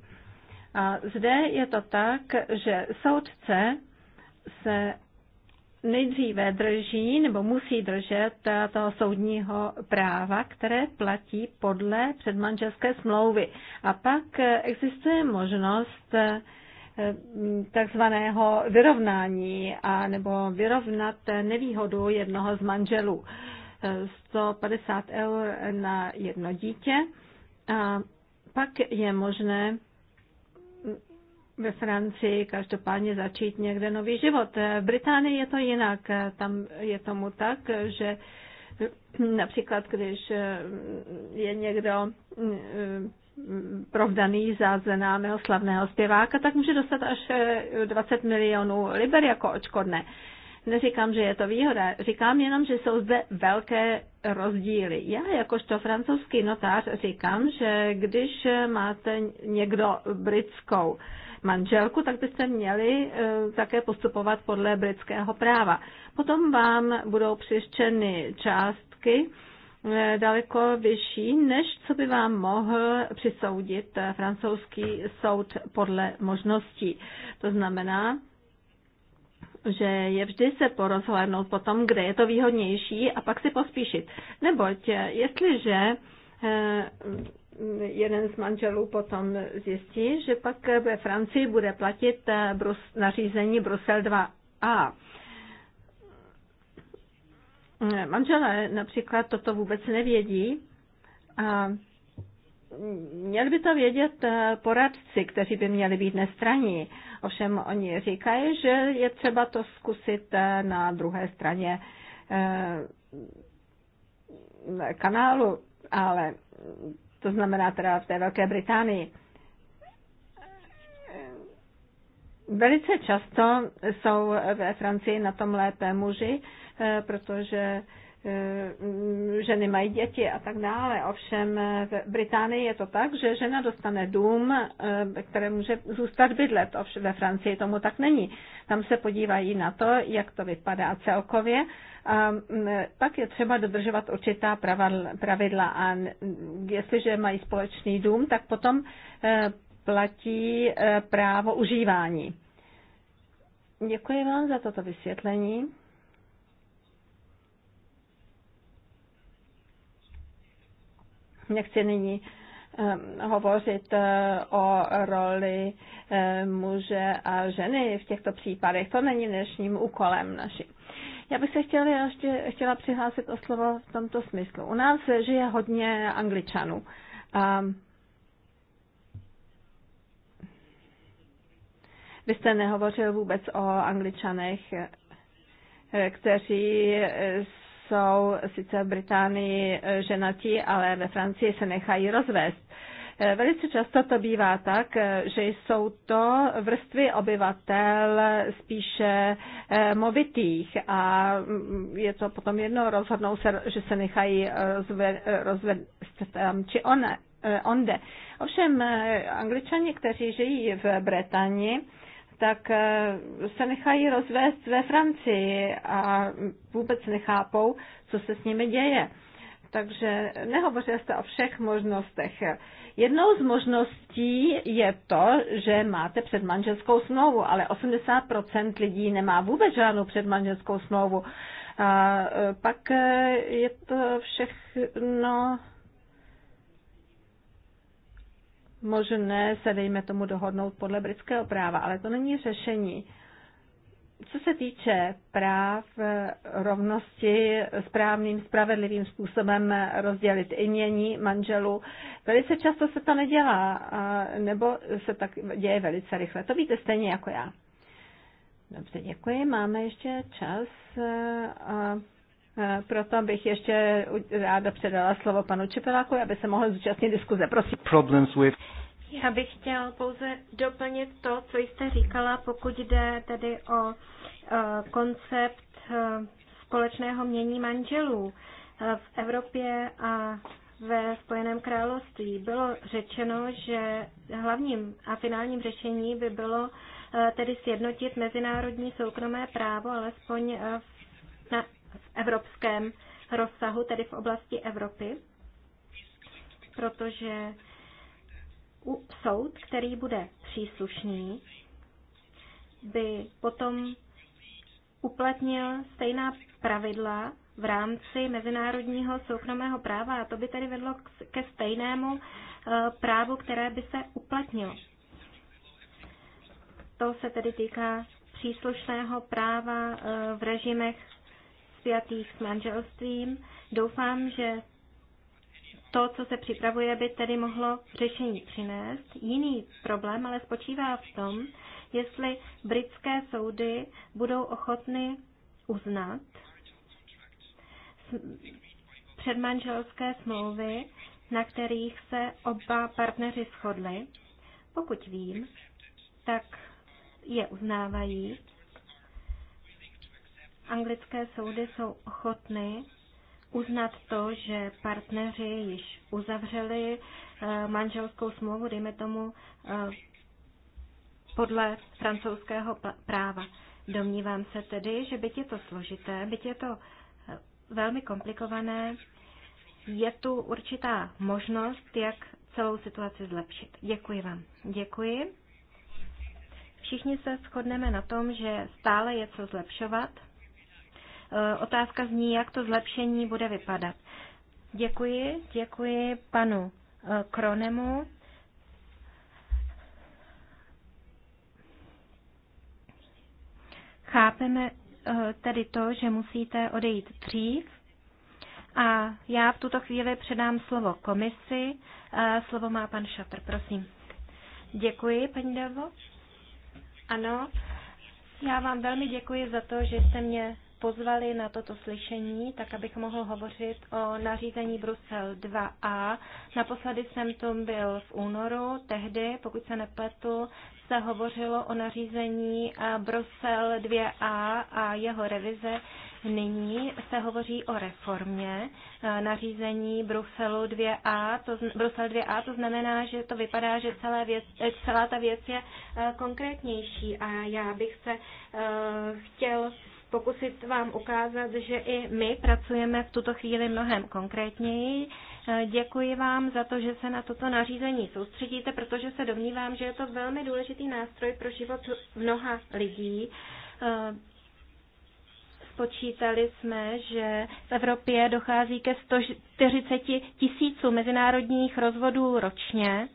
A zde je to tak, že soudce se nejdříve drží nebo musí držet eh, toho soudního práva, které platí podle předmanželské smlouvy. A pak eh, existuje možnost eh, takzvaného vyrovnání a nebo vyrovnat nevýhodu jednoho z manželů. 150 eur na jedno dítě. A pak je možné ve Francii každopádně začít někde nový život. Eh, v Británii je to jinak. Eh, tam je tomu tak, že eh, například, když je někdo provdaný za známého slavného zpěváka, tak může dostat až 20 milionů liber jako očkodné. Neříkám, že je to výhoda, říkám jenom, že jsou zde velké rozdíly. Já jakožto francouzský notář říkám, že když máte někdo britskou manželku, tak byste měli e, také postupovat podle britského práva. Potom vám budou přištěny částky e, daleko vyšší, než co by vám mohl přisoudit e, francouzský soud podle možností. To znamená, že je vždy se porozhlednout po tom, kde je to výhodnější a pak si pospíšit. Neboť jestliže jeden z manželů potom zjistí, že pak ve Francii bude platit eh, nařízení Brusel 2a. Eh, manželé například toto vůbec nevědí a měli by to vědět eh, poradci, kteří by měli být nestraní. Ovšem oni říkají, že je třeba to zkusit na druhé straně kanálu, ale to znamená teda v té Velké Británii. Velice často jsou ve Francii na tom lépe muži, eh, protože Eh, ženy mají děti a tak dále. Ovšem eh, v Británii je to tak, že žena dostane dům, eh, které může zůstat bydlet. Ovšem ve Francii tomu tak není. Tam se podívají na to, jak to vypadá celkově. A mm, pak je třeba dodržovat určitá pravidla a jestliže mají společný dům, tak potom platí právo užívání. Děkuji vám za toto vysvětlení. Nechci nyní hovořit e, o roli e, muže a ženy v těchto případech. To není dnešním úkolem naším. Já bych se chtěla ještě chtěla přihlásit o slovo v tomto smyslu. U nás žije hodně angličanů. A vy jste nehovořil vůbec o angličanech, e, kteří jsou sice v Británii eh, ženatí, ale ve Francii se nechají rozvést. Eh, velice často to bývá tak, eh, že jsou to vrstvy obyvatel spíše movitých a mm, je to potom jedno, rozhodnou se, že se nechají rozvést tam či one, onde. Ovšem angličani, kteří žijí v Británii tak eh, se nechají rozvést ve Francii a vůbec nechápou, co se s nimi děje. Takže nehovořil jste o všech možnostech. Jednou z možností je to, že máte předmanželskou smlouvu, ale 80% lidí nemá vůbec žádnou předmanželskou smlouvu. A eh, pak eh, je to všechno možné se, dejme tomu, dohodnout podle britského práva, ale to není řešení. Co se týče práv rovnosti správným, spravedlivým způsobem rozdělit imění manželů, velice často se to nedělá, nebo se tak děje velice rychle. To víte stejně jako já. Dobře, děkuji. Máme ještě čas. Eh, proto bych ještě ráda předala slovo panu Čepeláku, aby se mohl zúčastnit diskuze. Prosím. Problems with... Já bych chtěl pouze doplnit to, co jste říkala, pokud jde tedy o eh, koncept eh, společného mění manželů v Evropě a ve Spojeném království. Bylo řečeno, že hlavním a finálním řešení by bylo tedy sjednotit mezinárodní soukromé právo, alespoň na, v evropském rozsahu, tedy v oblasti Evropy, protože soud, který bude příslušný, by potom uplatnil stejná pravidla v rámci mezinárodního soukromého práva a to by tedy vedlo ke stejnému eh, právu, které by se uplatnilo. To se tedy týká příslušného práva eh, v režimech spjatých s manželstvím. Doufám, že to, co se připravuje, by tedy mohlo řešení přinést. Jiný problém ale spočívá v tom, jestli britské soudy budou ochotny uznat předmanželské smlouvy, na kterých se oba partneři shodli. Pokud vím, tak je uznávají anglické soudy jsou ochotny uznat to, že partneři již uzavřeli eh, manželskou smlouvu, dejme tomu, eh, podle francouzského práva. Domnívám se tedy, že byť je to složité, byť je to eh, velmi komplikované, je tu určitá možnost, jak celou situaci zlepšit. Děkuji vám. Děkuji. Všichni se shodneme na tom, že stále je co zlepšovat. Eh, otázka zní, jak to zlepšení bude vypadat. Děkuji, děkuji panu eh, Kronemu. Chápeme eh, tedy to, že musíte odejít dřív a já v tuto chvíli předám slovo komisi. Slovo má pan Šatr, prosím. Děkuji, paní Delvo. Ano, já vám velmi děkuji za to, že jste mě pozvali na toto slyšení, tak abych mohl hovořit o nařízení Brusel 2a. Naposledy jsem tom byl v únoru, tehdy, pokud se nepletu, se hovořilo o nařízení eh, Brusel 2a a jeho revize. Nyní se hovoří o reformě eh, nařízení Bruselu 2a, to, Brusel 2a, to znamená, že to vypadá, že celé věc, eh, celá ta věc je konkrétnější a já bych se chtěl pokusit vám ukázat, že i my pracujeme v tuto chvíli mnohem konkrétněji. Eh, děkuji vám za to, že se na toto nařízení soustředíte, protože se domnívám, že je to velmi důležitý nástroj pro život mnoha lidí. Eh, spočítali jsme, že v Evropě dochází ke 140 tisíců mezinárodních rozvodů ročně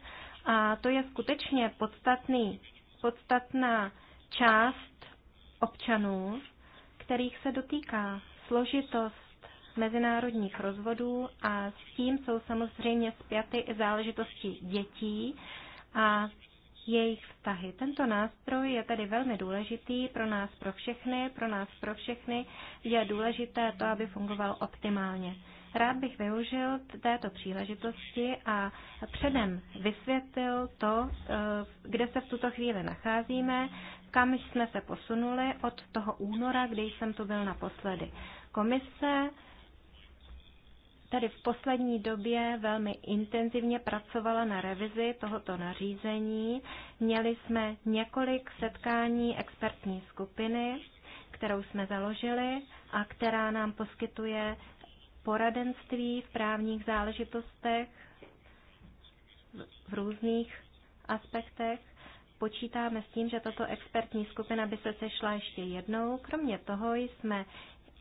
a to je skutečně podstatný, podstatná část občanů kterých se dotýká složitost mezinárodních rozvodů a s tím jsou samozřejmě zpěty i záležitosti dětí a jejich vztahy. Tento nástroj je tedy velmi důležitý pro nás, pro všechny. Pro nás, pro všechny je důležité to, aby fungoval optimálně. Rád bych využil této příležitosti a předem vysvětlil to, eh, kde se v tuto chvíli nacházíme, kam jsme se posunuli od toho února, kdy jsem tu byl naposledy. Komise tady v poslední době velmi intenzivně pracovala na revizi tohoto nařízení. Měli jsme několik setkání expertní skupiny, kterou jsme založili a která nám poskytuje poradenství v právních záležitostech v různých aspektech počítáme s tím, že tato expertní skupina by se sešla ještě jednou. Kromě toho jsme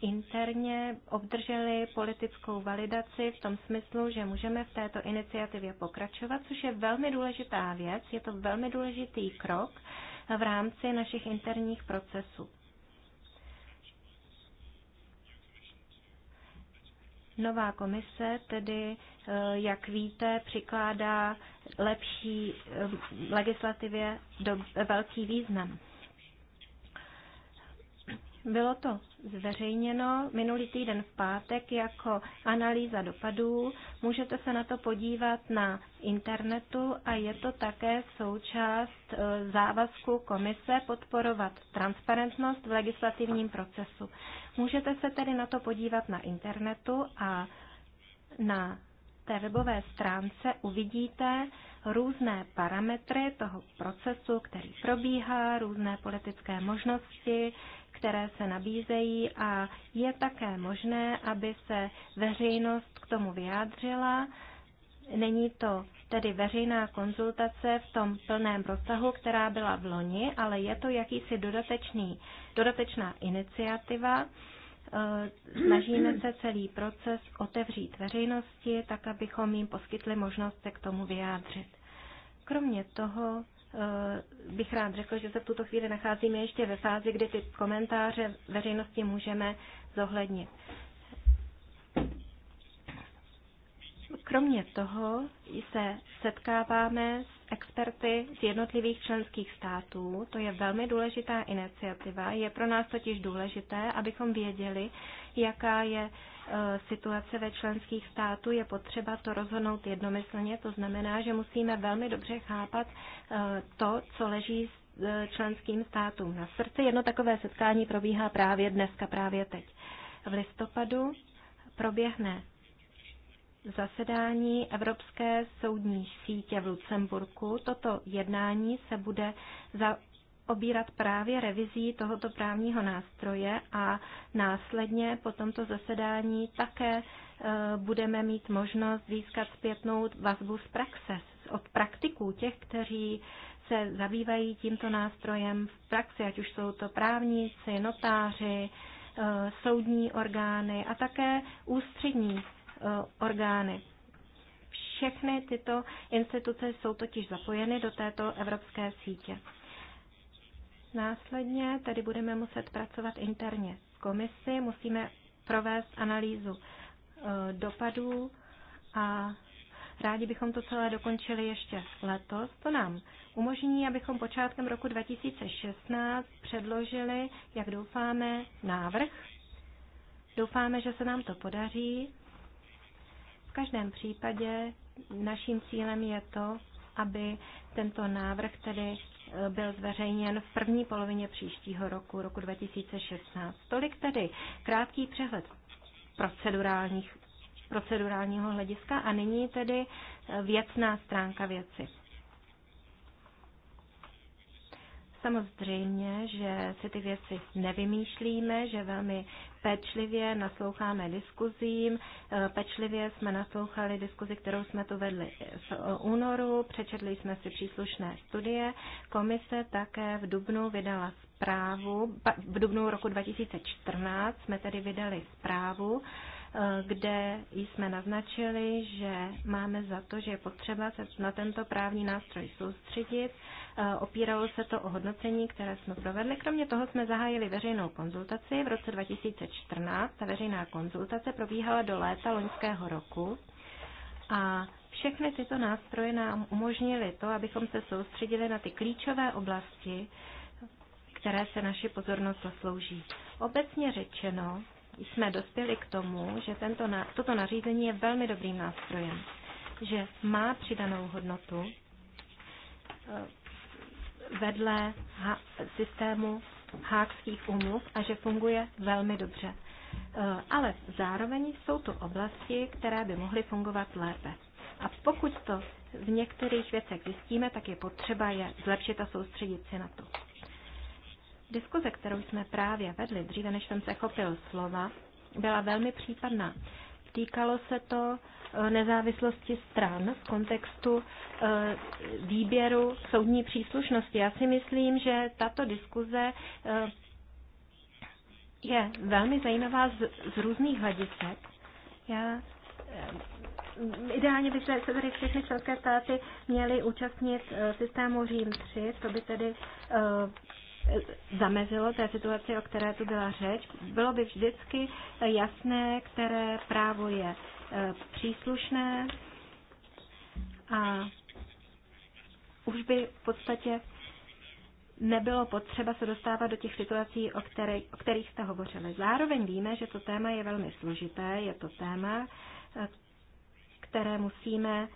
interně obdrželi politickou validaci v tom smyslu, že můžeme v této iniciativě pokračovat, což je velmi důležitá věc, je to velmi důležitý krok v rámci našich interních procesů. Nová komise tedy, eh, jak víte, přikládá lepší eh, legislativě do velký význam. Bylo to zveřejněno minulý týden v pátek jako analýza dopadů. Můžete se na to podívat na internetu a je to také součást e, závazku komise podporovat transparentnost v legislativním procesu. Můžete se tedy na to podívat na internetu a na té webové stránce uvidíte, různé parametry toho procesu, který probíhá, různé politické možnosti, které se nabízejí a je také možné, aby se veřejnost k tomu vyjádřila. Není to tedy veřejná konzultace v tom plném rozsahu, která byla v loni, ale je to jakýsi dodatečný, dodatečná iniciativa, Eh, snažíme se celý proces otevřít veřejnosti, tak abychom jim poskytli možnost se k tomu vyjádřit. Kromě toho eh, bych rád řekl, že se v tuto chvíli nacházíme ještě ve fázi, kdy ty komentáře veřejnosti můžeme zohlednit. Kromě toho se setkáváme experty z jednotlivých členských států. To je velmi důležitá iniciativa. Je pro nás totiž důležité, abychom věděli, jaká je e, situace ve členských států. Je potřeba to rozhodnout jednomyslně. To znamená, že musíme velmi dobře chápat e, to, co leží e, členským státům na srdci. Jedno takové setkání probíhá právě dneska, právě teď. V listopadu proběhne zasedání Evropské soudní sítě v Lucemburku. Toto jednání se bude za obírat právě revizí tohoto právního nástroje a následně po tomto zasedání také eh, budeme mít možnost získat zpětnou vazbu z praxe, od praktiků, těch, kteří se zabývají tímto nástrojem v praxi, ať už jsou to právníci, notáři, eh, soudní orgány a také ústřední Eh, orgány. Všechny tyto instituce jsou totiž zapojeny do této evropské sítě. Následně tedy budeme muset pracovat interně s komisi musíme provést analýzu eh, dopadů a rádi bychom to celé dokončili ještě letos. To nám umožní, abychom počátkem roku 2016 předložili, jak doufáme, návrh. Doufáme, že se nám to podaří každém případě naším cílem je to, aby tento návrh tedy e, byl zveřejněn v první polovině příštího roku, roku 2016. Tolik tedy krátký přehled procedurálních, procedurálního hlediska a nyní tedy e, věcná stránka věci. Samozřejmě, že si ty věci nevymýšlíme, že velmi pečlivě nasloucháme diskuzím, e, pečlivě jsme naslouchali diskuzi, kterou jsme tu vedli v e, únoru, přečetli jsme si příslušné studie. Komise také v Dubnu vydala zprávu, v Dubnu roku 2014 jsme tedy vydali zprávu, Eh, kde jsme naznačili, že máme za to, že je potřeba se na tento právní nástroj soustředit. Eh, opíralo se to o hodnocení, které jsme provedli. Kromě toho jsme zahájili veřejnou konzultaci v roce 2014. Ta veřejná konzultace probíhala do léta loňského roku a všechny tyto nástroje nám umožnily to, abychom se soustředili na ty klíčové oblasti, které se naši pozornost zaslouží. Obecně řečeno, jsme dospěli k tomu, že tento, na, toto nařízení je velmi dobrým nástrojem, že má přidanou hodnotu eh, vedle ha, systému hákských umluv a že funguje velmi dobře. Eh, ale zároveň jsou to oblasti, které by mohly fungovat lépe. A pokud to v některých věcech zjistíme, tak je potřeba je zlepšit a soustředit se na to. Diskuze, kterou jsme právě vedli, dříve než jsem se chopil slova, byla velmi případná. Týkalo se to e, nezávislosti stran v kontextu e, výběru soudní příslušnosti. Já si myslím, že tato diskuze e, je velmi zajímavá z, z různých hledisek. Já Ideálně by se tedy všechny členské státy měly účastnit systému Řím 3, to by tedy zamezilo té situaci, o které tu byla řeč. Bylo by vždycky jasné, které právo je eh, příslušné a už by v podstatě nebylo potřeba se dostávat do těch situací, o, které, o kterých jste hovořili. Zároveň víme, že to téma je velmi složité, je to téma, eh, které musíme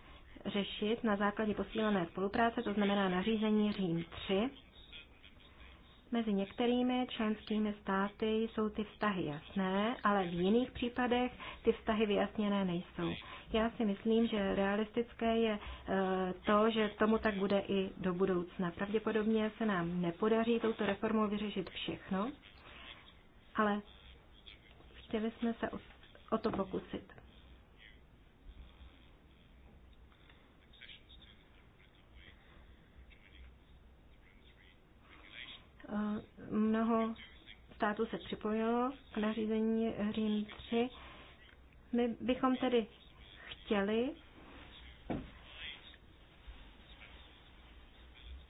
řešit na základě posílené spolupráce, to znamená nařízení Řím 3. Mezi některými členskými státy jsou ty vztahy jasné, ale v jiných případech ty vztahy vyjasněné nejsou. Já si myslím, že realistické je e, to, že tomu tak bude i do budoucna. Pravděpodobně se nám nepodaří touto reformou vyřešit všechno, ale chtěli jsme se o to pokusit. Eh, mnoho států se připojilo k nařízení Řím 3. My bychom tedy chtěli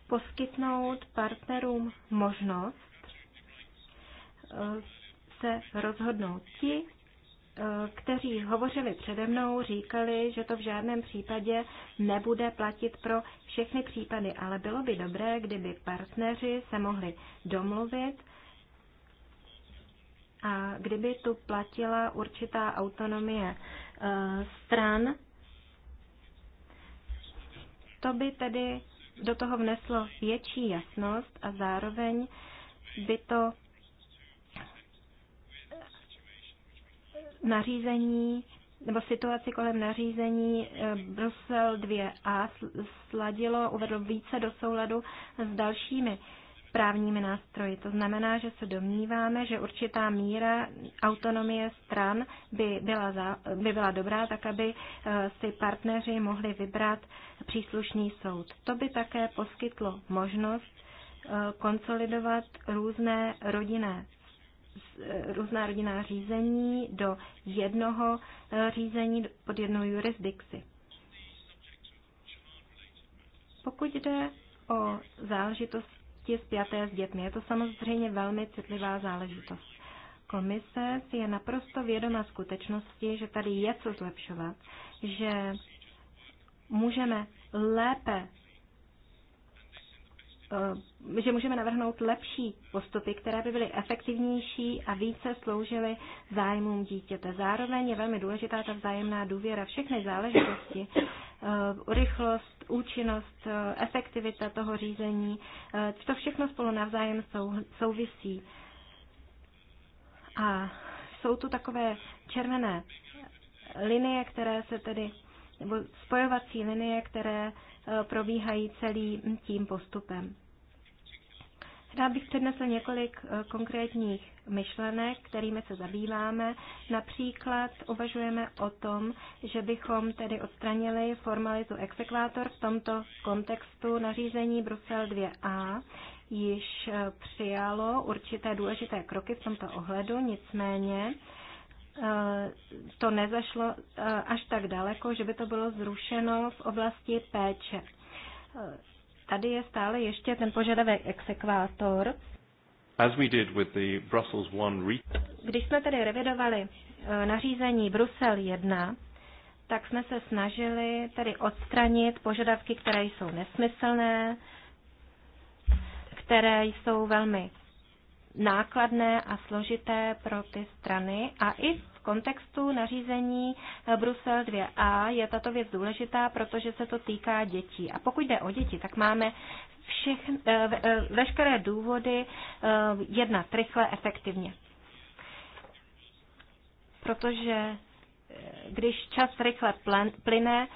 poskytnout partnerům možnost eh, se rozhodnout. Ti kteří hovořili přede mnou, říkali, že to v žádném případě nebude platit pro všechny případy, ale bylo by dobré, kdyby partneři se mohli domluvit a kdyby tu platila určitá autonomie eh, stran, to by tedy do toho vneslo větší jasnost a zároveň by to nařízení nebo situaci kolem nařízení eh, Brusel 2a sladilo, uvedlo více do souladu s dalšími právními nástroji. To znamená, že se domníváme, že určitá míra autonomie stran by byla, za, by byla dobrá, tak aby eh, si partneři mohli vybrat příslušný soud. To by také poskytlo možnost eh, konsolidovat různé rodinné Eh, různá rodinná řízení do jednoho eh, řízení pod jednou jurisdikci. Pokud jde o záležitosti zpěté s dětmi, je to samozřejmě velmi citlivá záležitost. Komise si je naprosto vědoma skutečnosti, že tady je co zlepšovat, že můžeme lépe Eh, že můžeme navrhnout lepší postupy, které by byly efektivnější a více sloužily zájmům dítěte. Zároveň je velmi důležitá ta vzájemná důvěra. Všechny záležitosti, eh, rychlost, účinnost, eh, efektivita toho řízení, to všechno spolu navzájem souvisí. A jsou tu takové červené linie, které se tedy, nebo spojovací linie, které probíhají celým tím postupem. Rád bych přednesl několik eh, konkrétních myšlenek, kterými se zabýváme. Například uvažujeme o tom, že bychom tedy odstranili formalitu exekvátor v tomto kontextu nařízení Brusel 2a již eh, přijalo určité důležité kroky v tomto ohledu, nicméně Eh, to nezašlo eh, až tak daleko, že by to bylo zrušeno v oblasti péče. Eh, tady je stále ještě ten požadavek exekvátor. As we did with the Brussels Když jsme tedy revidovali nařízení Brusel 1, tak jsme se snažili tedy odstranit požadavky, které jsou nesmyslné, které jsou velmi nákladné a složité pro ty strany a i v kontextu nařízení eh, Brusel 2a je tato věc důležitá, protože se to týká dětí. A pokud jde o děti, tak máme všech eh, eh, veškeré důvody jednat rychle, efektivně. Protože když čas rychle plyne,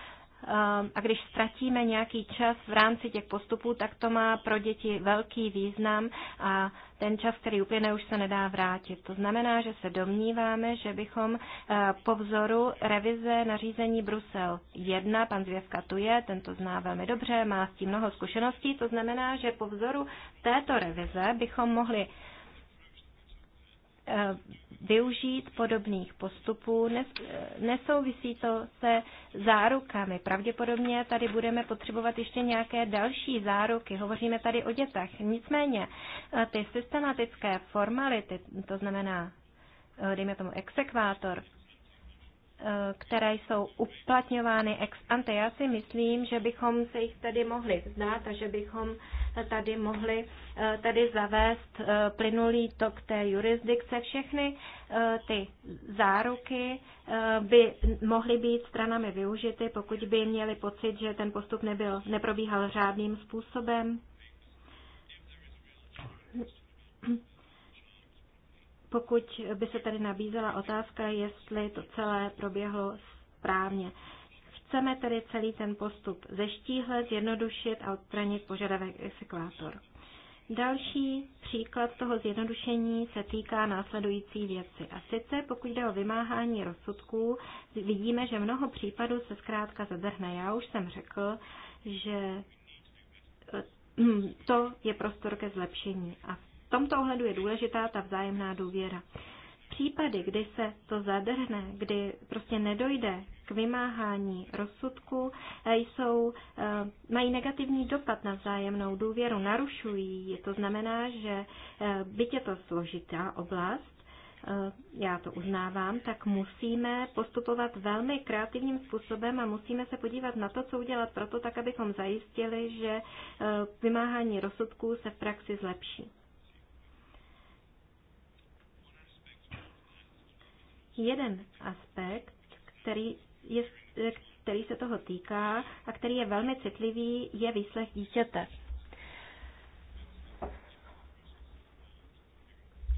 Ehm, a když ztratíme nějaký čas v rámci těch postupů, tak to má pro děti velký význam a ten čas, který uplyne, už se nedá vrátit. To znamená, že se domníváme, že bychom eh, po vzoru revize nařízení Brusel 1, pan Zvěvka tu je, ten to zná velmi dobře, má s tím mnoho zkušeností, to znamená, že po vzoru této revize bychom mohli Eh, využít podobných postupů. Eh, nesouvisí to se zárukami. Pravděpodobně tady budeme potřebovat ještě nějaké další záruky. Hovoříme tady o dětech. Nicméně eh, ty systematické formality, to znamená, dejme tomu exekvátor, které jsou uplatňovány ex ante. Já si myslím, že bychom se jich tady mohli vzdát a že bychom tady mohli eh, tady zavést eh, plynulý tok té jurisdikce. Všechny eh, ty záruky by mohly být stranami využity, pokud by měli pocit, že ten postup nebyl, neprobíhal řádným způsobem pokud by se tady nabízela otázka, jestli to celé proběhlo správně. Chceme tedy celý ten postup zeštíhle, zjednodušit a odstranit požadavek exekvátor. Další příklad toho zjednodušení se týká následující věci. A sice pokud jde o vymáhání rozsudků, vidíme, že mnoho případů se zkrátka zadrhne. Já už jsem řekl, že to je prostor ke zlepšení. A v tomto ohledu je důležitá ta vzájemná důvěra. Případy, kdy se to zadrhne, kdy prostě nedojde k vymáhání rozsudku, eh, jsou, eh, mají negativní dopad na vzájemnou důvěru, narušují ji. To znamená, že eh, byť je to složitá oblast, já to uznávám, tak musíme postupovat velmi kreativním způsobem a musíme se podívat na to, co udělat proto, tak abychom zajistili, že vymáhání rozsudků se v praxi zlepší. jeden aspekt, který, je, který se toho týká a který je velmi citlivý, je výslech dítěte.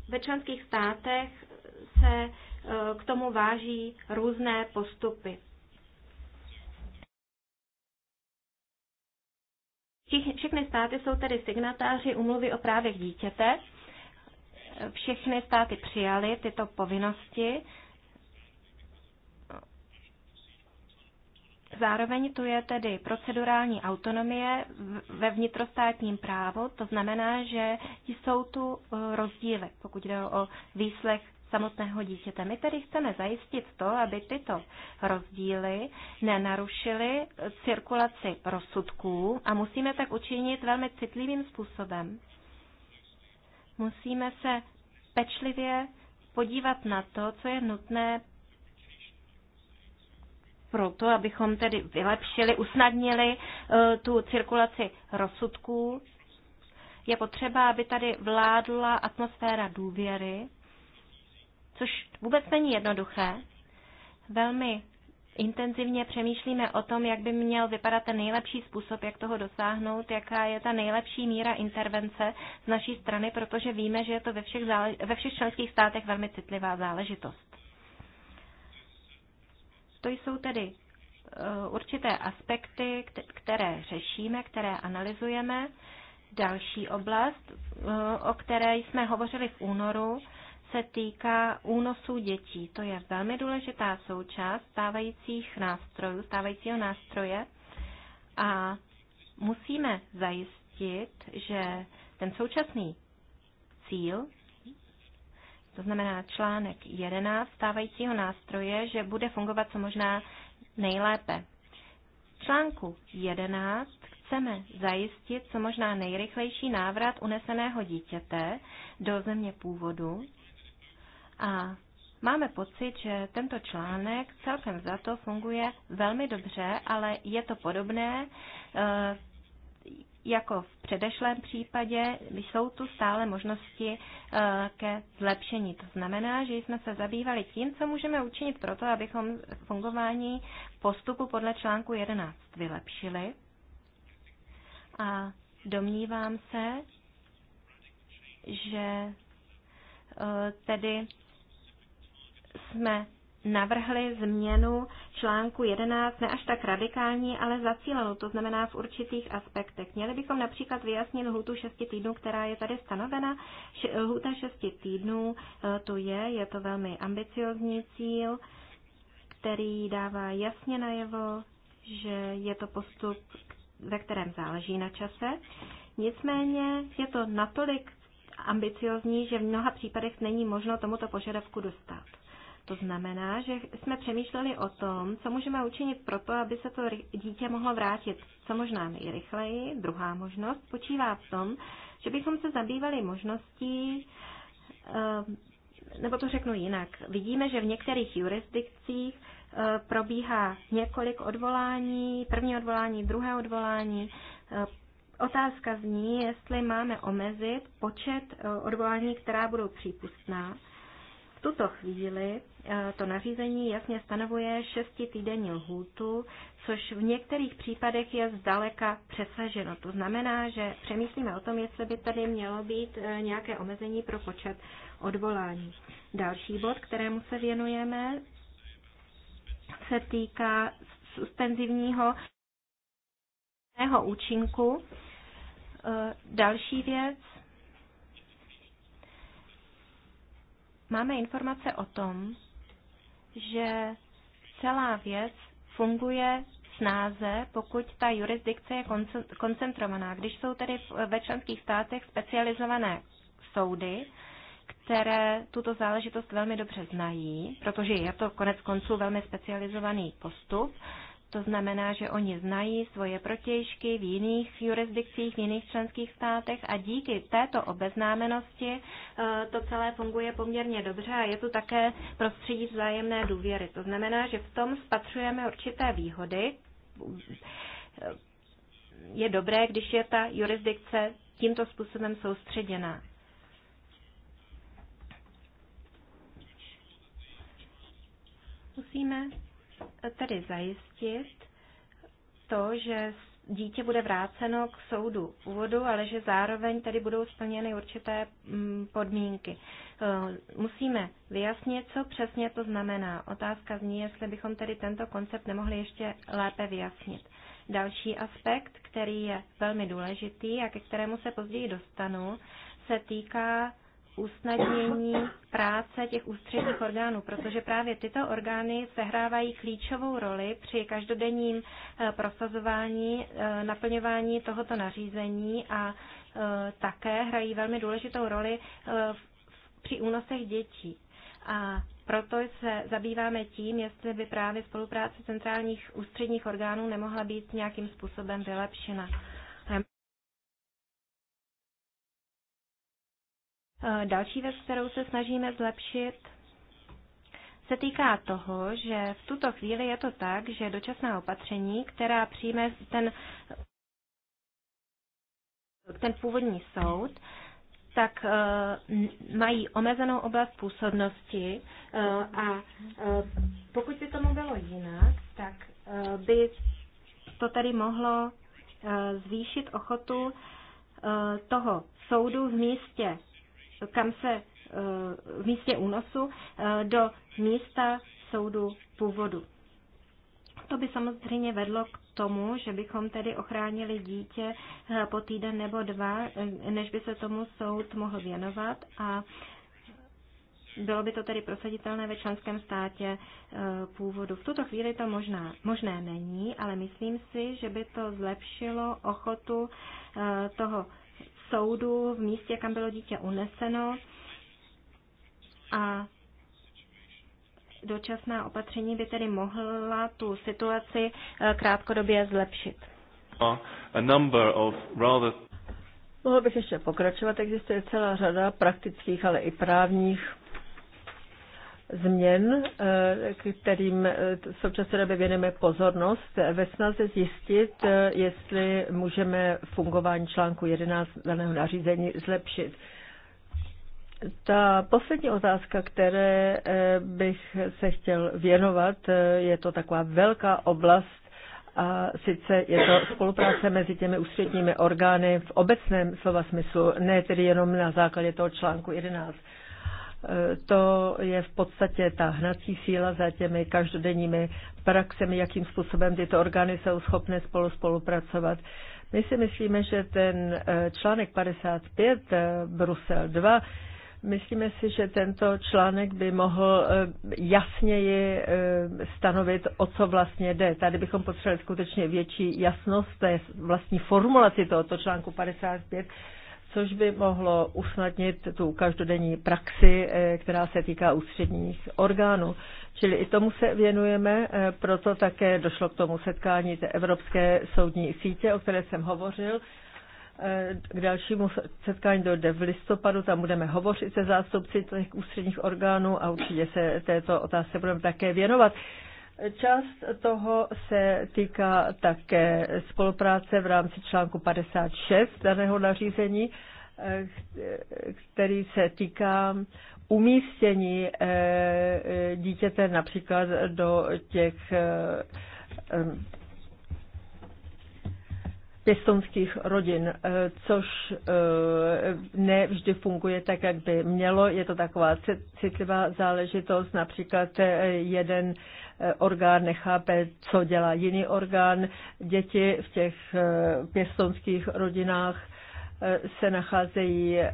Ve členských státech se e, k tomu váží různé postupy. Všechny státy jsou tedy signatáři umluvy o právech dítěte. Všechny státy přijaly tyto povinnosti Zároveň tu je tedy procedurální autonomie ve vnitrostátním právu, to znamená, že jsou tu e, rozdíly, pokud jde o výslech samotného dítěte. My tedy chceme zajistit to, aby tyto rozdíly nenarušily cirkulaci rozsudků a musíme tak učinit velmi citlivým způsobem. Musíme se pečlivě podívat na to, co je nutné proto, abychom tedy vylepšili, usnadnili e, tu cirkulaci rozsudků. Je potřeba, aby tady vládla atmosféra důvěry, což vůbec není jednoduché. Velmi intenzivně přemýšlíme o tom, jak by měl vypadat ten nejlepší způsob, jak toho dosáhnout, jaká je ta nejlepší míra intervence z naší strany, protože víme, že je to ve všech, zále- ve všech členských státech velmi citlivá záležitost. To jsou tedy eh, určité aspekty, které řešíme, které analyzujeme. Další oblast, eh, o které jsme hovořili v únoru, se týká únosů dětí. To je velmi důležitá součást stávajících nástrojů, stávajícího nástroje a musíme zajistit, že ten současný cíl to znamená článek 11 stávajícího nástroje, že bude fungovat co možná nejlépe. V článku 11 chceme zajistit co možná nejrychlejší návrat uneseného dítěte do země původu a Máme pocit, že tento článek celkem za to funguje velmi dobře, ale je to podobné eh, jako v předešlém případě jsou tu stále možnosti eh, ke zlepšení. To znamená, že jsme se zabývali tím, co můžeme učinit pro to, abychom fungování postupu podle článku 11 vylepšili. A domnívám se, že eh, tedy jsme navrhli změnu článku 11, ne až tak radikální, ale zacílenou, to znamená v určitých aspektech. Měli bychom například vyjasnit lhutu 6 týdnů, která je tady stanovena. Lhuta 6 týdnů e, to je, je to velmi ambiciozní cíl, který dává jasně najevo, že je to postup, ve kterém záleží na čase. Nicméně je to natolik ambiciozní, že v mnoha případech není možno tomuto požadavku dostat. To znamená, že jsme přemýšleli o tom, co můžeme učinit pro to, aby se to dítě mohlo vrátit co možná nejrychleji. Druhá možnost spočívá v tom, že bychom se zabývali možností, ehm, nebo to řeknu jinak, vidíme, že v některých jurisdikcích eh, probíhá několik odvolání, první odvolání, druhé odvolání. Eh, otázka zní, jestli máme omezit počet eh, odvolání, která budou přípustná tuto chvíli eh, to nařízení jasně stanovuje šestitýdenní lhůtu, což v některých případech je zdaleka přesaženo. To znamená, že přemýšlíme o tom, jestli by tady mělo být eh, nějaké omezení pro počet odvolání. Další bod, kterému se věnujeme, se týká suspenzivního účinku. Eh, další věc, máme informace o tom, že celá věc funguje snáze, pokud ta jurisdikce je koncentrovaná. Když jsou tedy ve členských státech specializované soudy, které tuto záležitost velmi dobře znají, protože je to konec konců velmi specializovaný postup, to znamená, že oni znají svoje protějšky v jiných jurisdikcích, v jiných členských státech a díky této obeznámenosti eh, to celé funguje poměrně dobře a je tu také prostředí vzájemné důvěry. To znamená, že v tom spatřujeme určité výhody. Eh, je dobré, když je ta jurisdikce tímto způsobem soustředěná. Musíme tedy zajistit to, že dítě bude vráceno k soudu úvodu, ale že zároveň tady budou splněny určité mm, podmínky. E, musíme vyjasnit, co přesně to znamená. Otázka zní, jestli bychom tedy tento koncept nemohli ještě lépe vyjasnit. Další aspekt, který je velmi důležitý a ke kterému se později dostanu, se týká usnadnění práce těch ústředních orgánů, protože právě tyto orgány sehrávají klíčovou roli při každodenním eh, prosazování, eh, naplňování tohoto nařízení a eh, také hrají velmi důležitou roli při únosech dětí. A proto se zabýváme tím, jestli by právě spolupráce centrálních ústředních orgánů nemohla být nějakým způsobem vylepšena. Eh, další věc, kterou se snažíme zlepšit, se týká toho, že v tuto chvíli je to tak, že dočasná opatření, která přijme ten, ten původní soud, tak eh, mají omezenou oblast působnosti eh, a pokud by tomu bylo jinak, tak by to tady mohlo zvýšit ochotu toho soudu v místě kam se eh, v místě únosu eh, do místa soudu původu. To by samozřejmě vedlo k tomu, že bychom tedy ochránili dítě eh, po týden nebo dva, než by se tomu soud mohl věnovat a bylo by to tedy prosaditelné ve členském státě původu. V tuto chvíli to možná, možné není, ale myslím si, že by to zlepšilo ochotu toho soudu v místě, kam bylo dítě uneseno a dočasná opatření by tedy mohla tu situaci eh, krátkodobě zlepšit. Mohl bych ještě pokračovat. Existuje celá řada praktických, ale i právních změn, eh, kterým eh, v současné době věnujeme pozornost, ve snaze zjistit, eh, jestli můžeme fungování článku 11 daného nařízení zlepšit. Ta poslední otázka, které bych se chtěl věnovat, je to taková velká oblast a sice je to spolupráce mezi těmi ústředními orgány v obecném slova smyslu, ne tedy jenom na základě toho článku 11 to je v podstatě ta hnací síla za těmi každodenními praxemi, jakým způsobem tyto orgány jsou schopné spolu spolupracovat. My si myslíme, že ten eh, článek 55 eh, Brusel 2 Myslíme si, že tento článek by mohl eh, jasněji stanovit, o co vlastně jde. Tady bychom potřebovali skutečně větší jasnost té vlastní formulaci tohoto článku 55, což by mohlo usnadnit tu každodenní praxi, eh, která se týká ústředních orgánů. Čili i tomu se věnujeme, eh, proto také došlo k tomu setkání té Evropské soudní sítě, o které jsem hovořil. Eh, k dalšímu setkání dojde v listopadu, tam budeme hovořit se zástupci těch ústředních orgánů a určitě se této otázce budeme také věnovat. Část toho se týká také spolupráce v rámci článku 56 daného nařízení, který se týká umístění eh, dítěte například do těch eh, pěstounských rodin, eh, což eh, ne vždy funguje tak, jak by mělo. Je to taková citlivá záležitost. Například eh, jeden orgán nechápe, co dělá jiný orgán. Děti v těch pěstounských rodinách Eh, se nacházejí eh,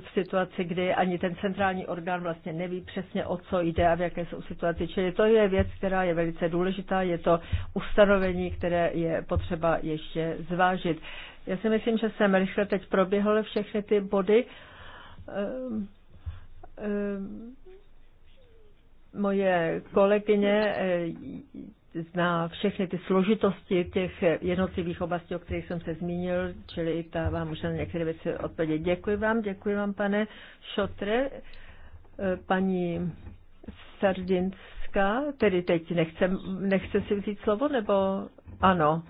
v situaci, kdy ani ten centrální orgán vlastně neví přesně, o co jde a v jaké jsou situaci. Čili to je věc, která je velice důležitá, je to ustanovení, které je potřeba ještě zvážit. Já si myslím, že jsem rychle teď proběhl všechny ty body. Eh, moje kolegyně zná všechny ty složitosti těch jednotlivých oblastí, o kterých jsem se zmínil, čili i ta vám už na některé věci odpovědět. Děkuji vám, děkuji vám, pane Šotre. E, paní Sardinská, tedy teď nechce, nechce si vzít slovo, nebo ano?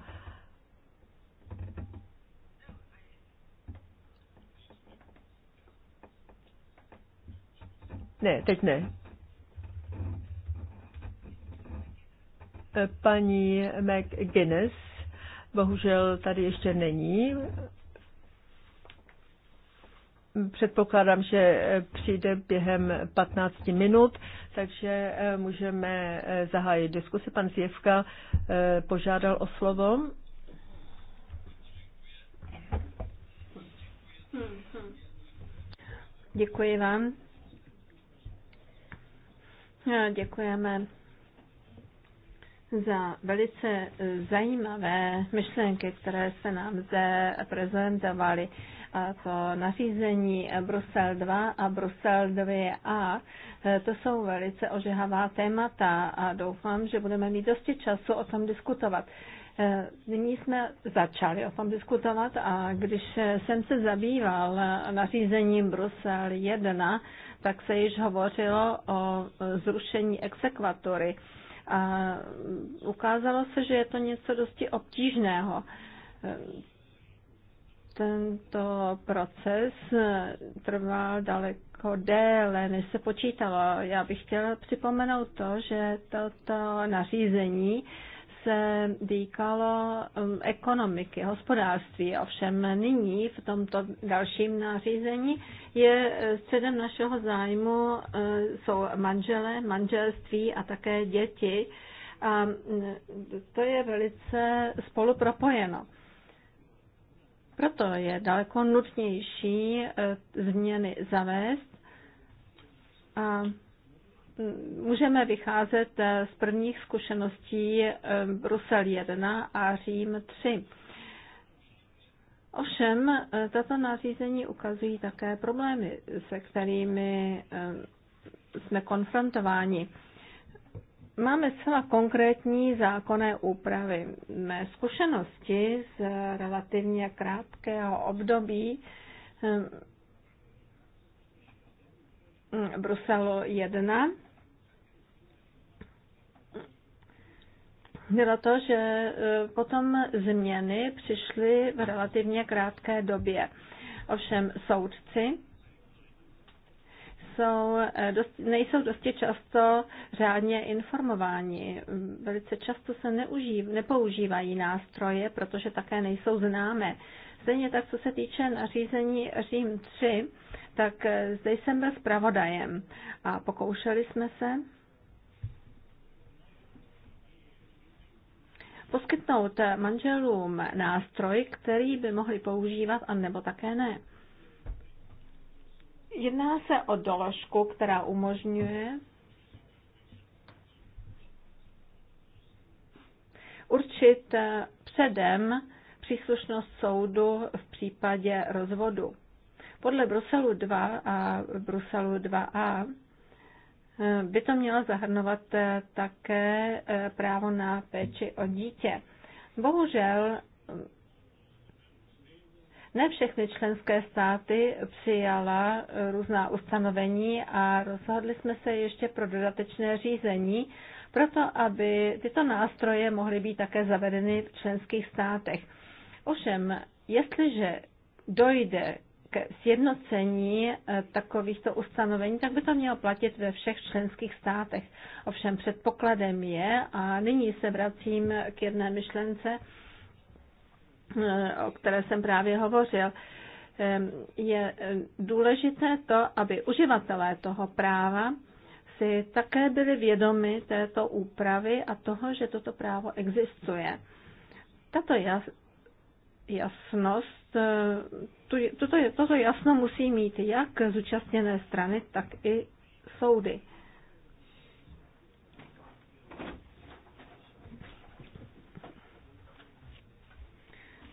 Ne, teď ne. paní McGuinness. Bohužel tady ještě není. Předpokládám, že přijde během 15 minut, takže eh, můžeme eh, zahájit diskusi. Pan Zjevka eh, požádal o slovo. Děkuji vám. Děkujeme za velice eh, zajímavé myšlenky, které se nám zde prezentovaly. A to nařízení Brusel 2 a Brusel 2a, eh, to jsou velice ožehavá témata a doufám, že budeme mít dosti času o tom diskutovat. Eh, nyní jsme začali o tom diskutovat a když jsem se zabýval nařízením Brusel 1, tak se již hovořilo o zrušení exekvatory. A mm, ukázalo se, že je to něco dosti obtížného. Tento proces e, trval daleko déle, než se počítalo. Já bych chtěla připomenout to, že toto nařízení se týkalo um, ekonomiky, hospodářství. Ovšem nyní v tomto dalším nařízení je eh, středem našeho zájmu eh, jsou manžele, manželství a také děti. A mm, to je velice spolupropojeno. Proto je daleko nutnější eh, změny zavést a můžeme vycházet eh, z prvních zkušeností eh, Brusel 1 a Řím 3. Ovšem, eh, tato nařízení ukazují také problémy, se kterými jsme konfrontováni. Máme zcela konkrétní zákonné úpravy. Mé zkušenosti z relativně krátkého období Bruselu 1 bylo to, že e, potom změny přišly v relativně krátké době. Ovšem soudci jsou, e, dost, nejsou dosti často řádně informováni. Velice často se neužív, nepoužívají nástroje, protože také nejsou známé. Stejně tak, co se týče nařízení Řím 3, tak e, zde jsem byl zpravodajem a pokoušeli jsme se poskytnout manželům nástroj, který by mohli používat, a nebo také ne. Jedná se o doložku, která umožňuje určit předem příslušnost soudu v případě rozvodu. Podle Bruselu 2 a Bruselu 2a by to mělo zahrnovat eh, také eh, právo na péči o dítě. Bohužel mm, ne všechny členské státy přijala eh, různá ustanovení a rozhodli jsme se ještě pro dodatečné řízení, proto aby tyto nástroje mohly být také zavedeny v členských státech. Ovšem, jestliže dojde k sjednocení eh, takovýchto ustanovení, tak by to mělo platit ve všech členských státech. Ovšem předpokladem je, a nyní se vracím k jedné myšlence, eh, o které jsem právě hovořil, eh, je důležité to, aby uživatelé toho práva si také byli vědomi této úpravy a toho, že toto právo existuje. Tato jasnost toto, toto jasno musí mít jak zúčastněné strany, tak i soudy.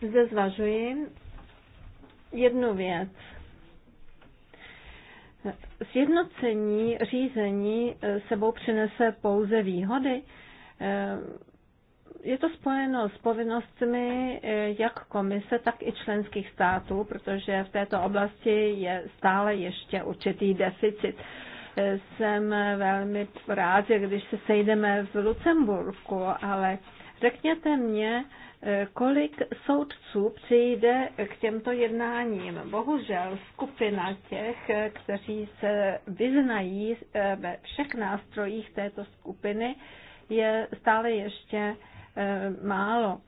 Zde zvažuji jednu věc. Sjednocení řízení sebou přinese pouze výhody je to spojeno s povinnostmi eh, jak komise, tak i členských států, protože v této oblasti je stále ještě určitý deficit. Eh, jsem velmi rád, když se sejdeme v Lucemburku, ale řekněte mě, eh, kolik soudců přijde k těmto jednáním. Bohužel skupina těch, kteří se vyznají ve všech nástrojích této skupiny, je stále ještě Eh, málo.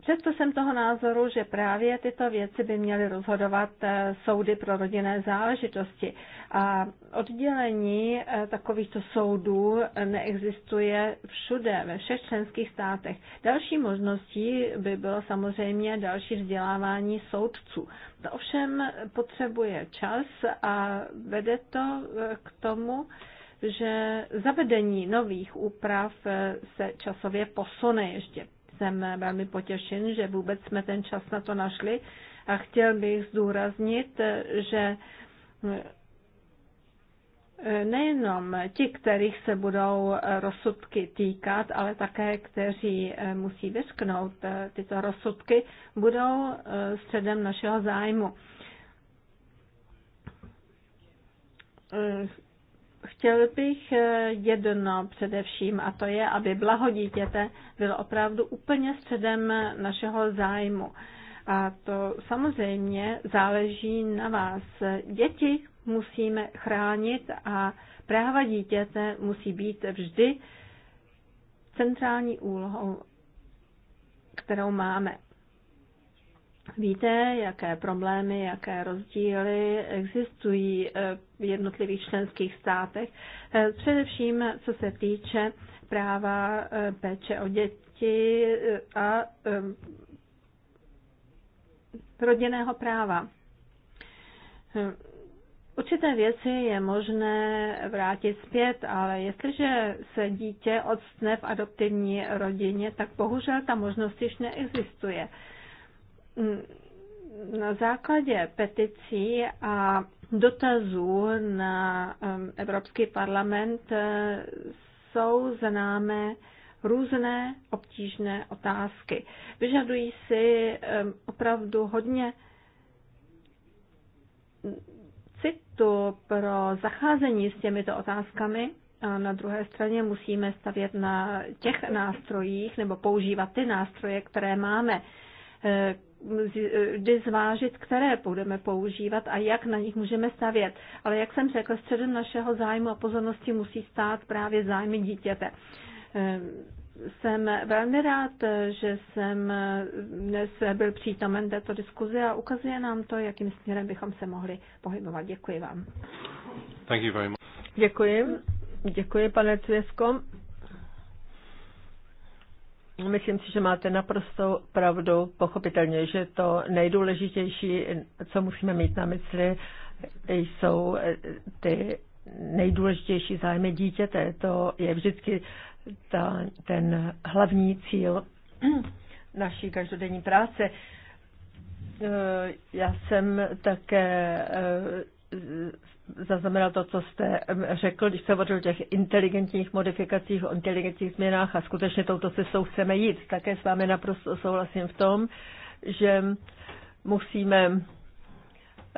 Přesto jsem toho názoru, že právě tyto věci by měly rozhodovat eh, soudy pro rodinné záležitosti. A oddělení eh, takovýchto soudů neexistuje všude, ve všech členských státech. Další možností by bylo samozřejmě další vzdělávání soudců. To ovšem potřebuje čas a vede to k tomu, že zavedení nových úprav se časově posune ještě. Jsem velmi potěšen, že vůbec jsme ten čas na to našli a chtěl bych zdůraznit, že nejenom ti, kterých se budou rozsudky týkat, ale také, kteří musí vysknout tyto rozsudky, budou středem našeho zájmu Chtěl bych eh, jedno především, a to je, aby blaho dítěte bylo opravdu úplně středem našeho zájmu. A to samozřejmě záleží na vás. Děti musíme chránit a práva dítěte musí být vždy centrální úlohou, kterou máme. Víte, jaké problémy, jaké rozdíly existují eh, v jednotlivých členských státech, eh, především co se týče práva eh, péče o děti a rodinného práva. Určité věci je možné vrátit zpět, ale jestliže se dítě odstne v adoptivní rodině, tak bohužel ta možnost již neexistuje. Mm, na základě peticí a dotazů na um, Evropský parlament eh, jsou známé různé obtížné otázky. Vyžadují si um, opravdu hodně citu pro zacházení s těmito otázkami. A na druhé straně musíme stavět na těch nástrojích nebo používat ty nástroje, které máme, eh, kdy eh, zvážit, které budeme používat a jak na nich můžeme stavět. Ale jak jsem řekl, středem našeho zájmu a pozornosti musí stát právě zájmy dítěte. Eh, jsem velmi rád, eh, že jsem dnes byl přítomen této diskuzi a ukazuje nám to, jakým směrem bychom se mohli pohybovat. Děkuji vám. Thank you very much. Děkuji. Děkuji, pane Cvěsko. Myslím si, že máte naprosto pravdu, pochopitelně, že to nejdůležitější, co musíme mít na mysli, jsou eh, ty nejdůležitější zájmy dítěte. To je vždycky ta, ten hlavní cíl naší každodenní práce. Eh, já jsem také eh, zaznamenal to, co jste řekl, když se hovořil o těch inteligentních modifikacích, o inteligentních změnách a skutečně touto cestou chceme jít. Také s vámi naprosto souhlasím v tom, že musíme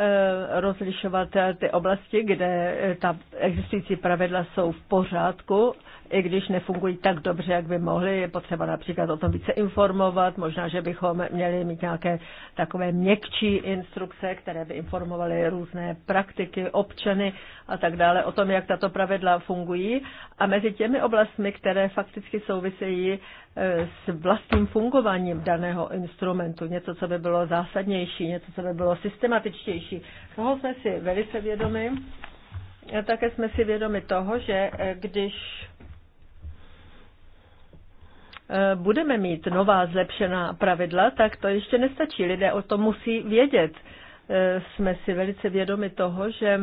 Eh, rozlišovat eh, ty oblasti, kde eh, ta existující pravidla jsou v pořádku, i když nefungují tak dobře, jak by mohly. Je potřeba například o tom více informovat, možná, že bychom měli mít nějaké takové měkčí instrukce, které by informovaly různé praktiky, občany a tak dále o tom, jak tato pravidla fungují. A mezi těmi oblastmi, které fakticky souvisejí s vlastním fungováním daného instrumentu, něco, co by bylo zásadnější, něco, co by bylo systematičtější. Toho jsme si velice vědomi. A také jsme si vědomi toho, že eh, když eh, budeme mít nová zlepšená pravidla, tak to ještě nestačí. Lidé o tom musí vědět. Eh, jsme si velice vědomi toho, že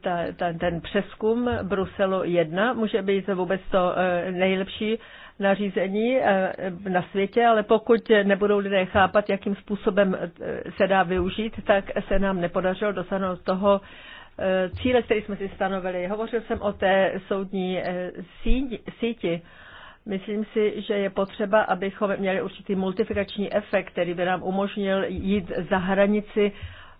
ta, ta, ten přeskum Bruselu 1 může být vůbec to nejlepší nařízení eh, na světě, ale pokud nebudou lidé chápat, jakým způsobem eh, se dá využít, tak se nám nepodařilo dosáhnout toho eh, cíle, který jsme si stanovili. Hovořil jsem o té soudní síti. Myslím si, že je potřeba, abychom měli určitý multifikační efekt, který by nám umožnil jít za hranici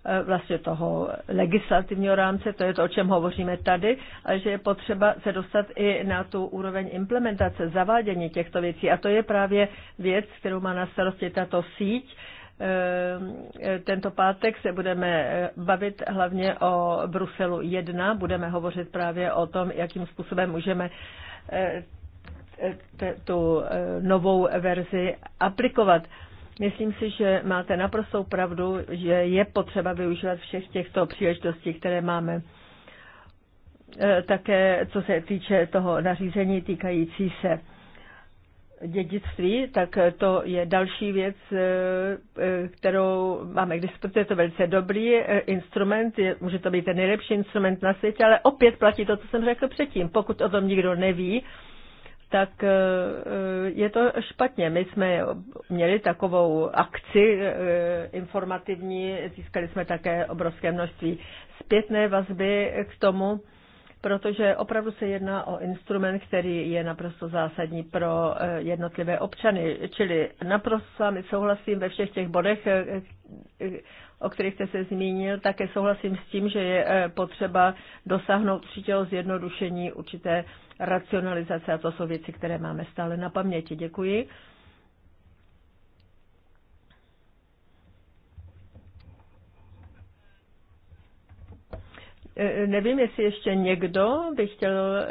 Eh, vlastně toho legislativního rámce, to je to, o čem hovoříme tady, ale že je potřeba se dostat i na tu úroveň implementace, zavádění těchto věcí. A to je právě věc, kterou má na starosti tato síť. Eh, eh, tento pátek se budeme bavit hlavně o Bruselu 1, budeme hovořit právě o tom, jakým způsobem můžeme tu novou verzi aplikovat. Myslím si, že máte naprostou pravdu, že je potřeba využívat všech těchto příležitostí, které máme. E, také co se týče toho nařízení týkající se dědictví, tak to je další věc, e, e, kterou máme k dispozici. Je to velice dobrý instrument, je, může to být ten nejlepší instrument na světě, ale opět platí to, co jsem řekl předtím. Pokud o tom nikdo neví, tak eh, eh, je to špatně. My jsme měli takovou akci eh, informativní, získali jsme také obrovské množství zpětné vazby k tomu, protože opravdu se jedná o instrument, který je naprosto zásadní pro jednotlivé občany. Čili naprosto s vámi souhlasím ve všech těch bodech, o kterých jste se zmínil, také souhlasím s tím, že je potřeba dosáhnout určitého zjednodušení určité racionalizace a to jsou věci, které máme stále na paměti. Děkuji. E, nevím, jestli ještě někdo by chtěl e,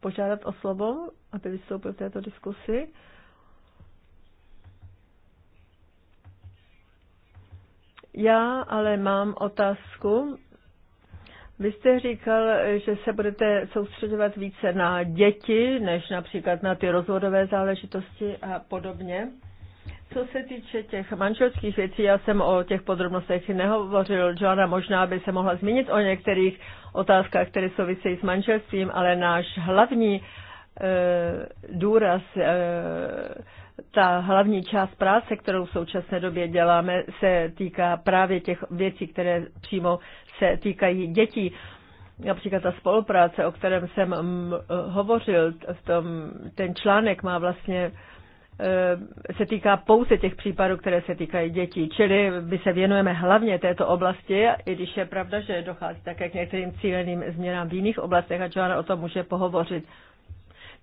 požádat o slovo, aby vystoupil v této diskusi. Já ale mám otázku vy jste říkal, že se budete soustředovat více na děti, než například na ty rozvodové záležitosti a podobně. Co se týče těch manželských věcí, já jsem o těch podrobnostech nehovořil. Joana možná by se mohla zmínit o některých otázkách, které souvisejí s manželstvím, ale náš hlavní e, důraz, e, ta hlavní část práce, kterou v současné době děláme, se týká právě těch věcí, které přímo se týkají dětí. Například ta spolupráce, o kterém jsem mm, hovořil, v tom, ten článek má vlastně eh, se týká pouze těch případů, které se týkají dětí. Čili my se věnujeme hlavně této oblasti, i když je pravda, že dochází také k některým cíleným změnám v jiných oblastech a Joana o tom může pohovořit.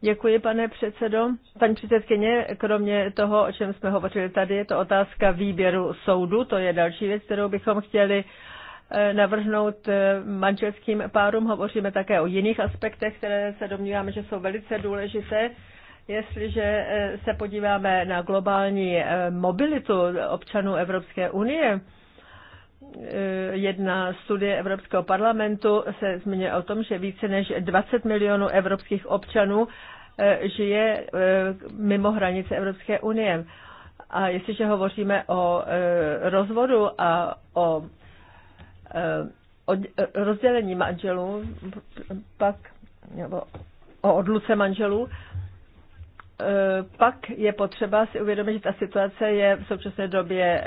Děkuji, pane předsedo. Paní předsedkyně, kromě toho, o čem jsme hovořili tady, je to otázka výběru soudu. To je další věc, kterou bychom chtěli uh, Eh, navrhnout eh, manželským párům. Hovoříme také o jiných aspektech, které se domníváme, že jsou velice důležité. Jestliže eh, se podíváme na globální mobilitu občanů Evropské unie, jedna studie Evropského parlamentu se zmiňuje o tom, že více než 20 milionů evropských občanů žije mimo hranice Evropské unie. A jestliže hovoříme o rozvodu a o Eh, eh, rozdělení manželů, pak nebo o odluce manželů, eh, pak je potřeba si uvědomit, že ta situace je v současné době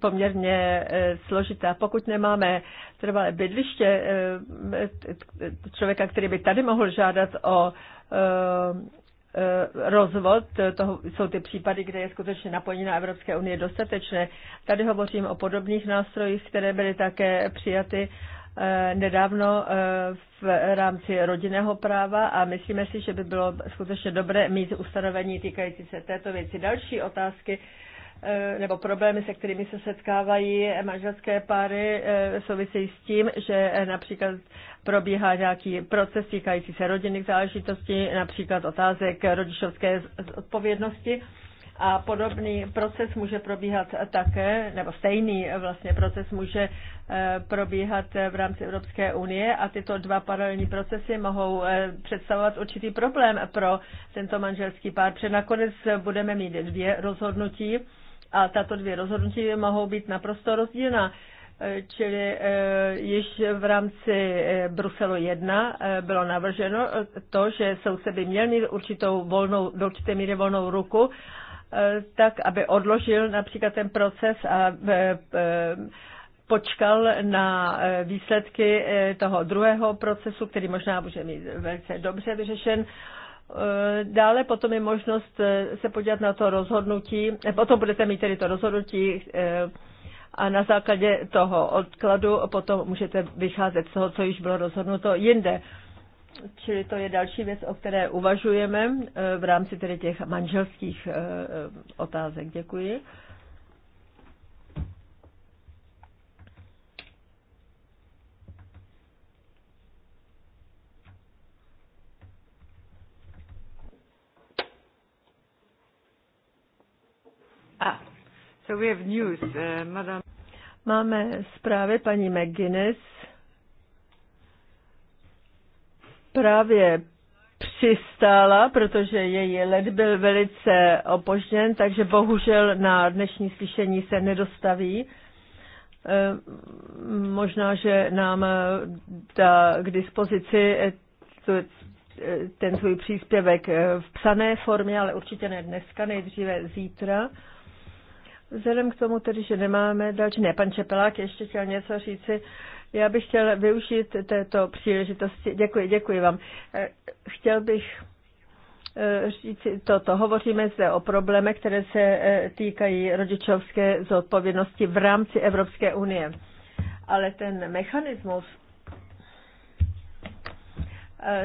poměrně složitá. Pokud nemáme trvalé bydliště člověka, který by tady mohl žádat o Eh, rozvod, to jsou ty případy, kde je skutečně napojení na Evropské unie dostatečné. Tady hovořím o podobných nástrojích, které byly také přijaty eh, nedávno eh, v rámci rodinného práva a myslíme si, že by bylo skutečně dobré mít ustanovení týkající se této věci. Další otázky Eh, nebo problémy, se kterými se setkávají manželské páry, eh, souvisejí s tím, že eh, například probíhá nějaký proces týkající se rodinných záležitostí, například otázek rodičovské odpovědnosti. A podobný proces může probíhat také, nebo stejný vlastně proces může probíhat v rámci Evropské unie a tyto dva paralelní procesy mohou představovat určitý problém pro tento manželský pár, protože nakonec budeme mít dvě rozhodnutí a tato dvě rozhodnutí mohou být naprosto rozdílná. E, čili e, již v rámci e, Bruselu 1 bylo navrženo to, že soudce by měl mít určitou volnou, do určité míry volnou ruku, tak aby odložil například ten proces a počkal na výsledky toho druhého procesu, který možná může mít velice dobře vyřešen Eh, dále potom je možnost eh, se podívat na to rozhodnutí, eh, potom budete mít tedy to rozhodnutí a na základě toho odkladu potom můžete vycházet z toho, co již bylo rozhodnuto jinde. Čili to je další věc, o které uvažujeme v rámci tedy těch manželských otázek. Děkuji. so we have news, uh, Máme zprávy paní McGuinness. Právě přistála, protože její let byl velice opožděn, takže bohužel na dnešní slyšení se nedostaví. Eh, možná, že nám eh, dá k dispozici eh, ten svůj příspěvek v psané formě, ale určitě ne dneska, nejdříve zítra. Vzhledem k tomu tedy, že nemáme další, ne, pan Čepelák ještě chtěl něco říci, já bych chtěl využít této příležitosti. Děkuji, děkuji vám. Eh, chtěl bych eh, říci toto. Hovoříme zde o problémech, které se eh, týkají rodičovské zodpovědnosti v rámci Evropské unie. Ale ten mechanismus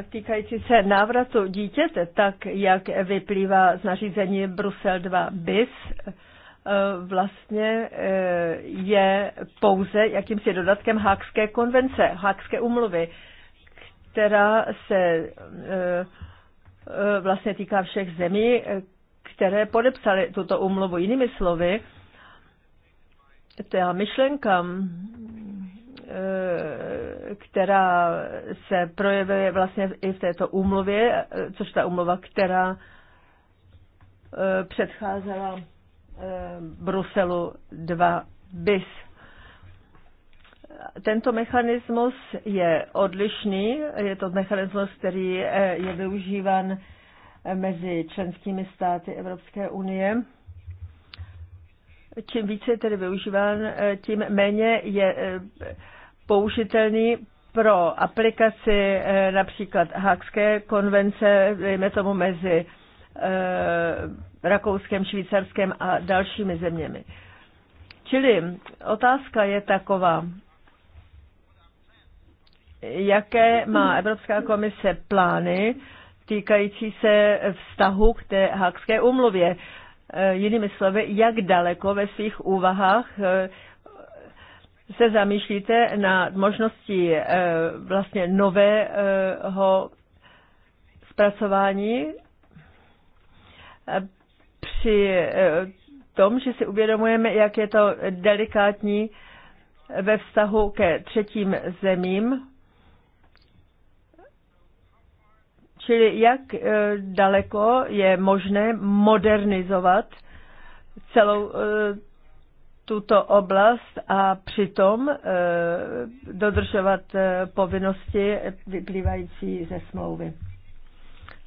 týkající se návratu dítěte, tak jak vyplývá z nařízení Brusel 2 bis, Eh, vlastně eh, je pouze jakýmsi dodatkem Hákské konvence, Hákské umluvy, která se eh, vlastně týká všech zemí, které podepsaly tuto umluvu. Jinými slovy, ta myšlenka, která se projevuje vlastně i v této úmluvě, což ta umluva, která předcházela Eh, Bruselu 2 bis. Tento mechanismus je odlišný, je to mechanismus, který eh, je využíván eh, mezi členskými státy Evropské unie. Čím více je tedy využíván, tím méně je použitelný pro aplikaci například Hákské konvence, dejme tomu mezi Eh, Rakouskem, Švýcarskem a dalšími zeměmi. Čili otázka je taková, jaké má Evropská komise plány týkající se vztahu k té Hákské umluvě. Eh, jinými slovy, jak daleko ve svých úvahách eh, se zamýšlíte na možnosti vlastně nového zpracování při eh, tom, že si uvědomujeme, jak je to delikátní ve vztahu ke třetím zemím, čili jak eh, daleko je možné modernizovat celou eh, tuto oblast a přitom dodržovat povinnosti vyplývající ze smlouvy.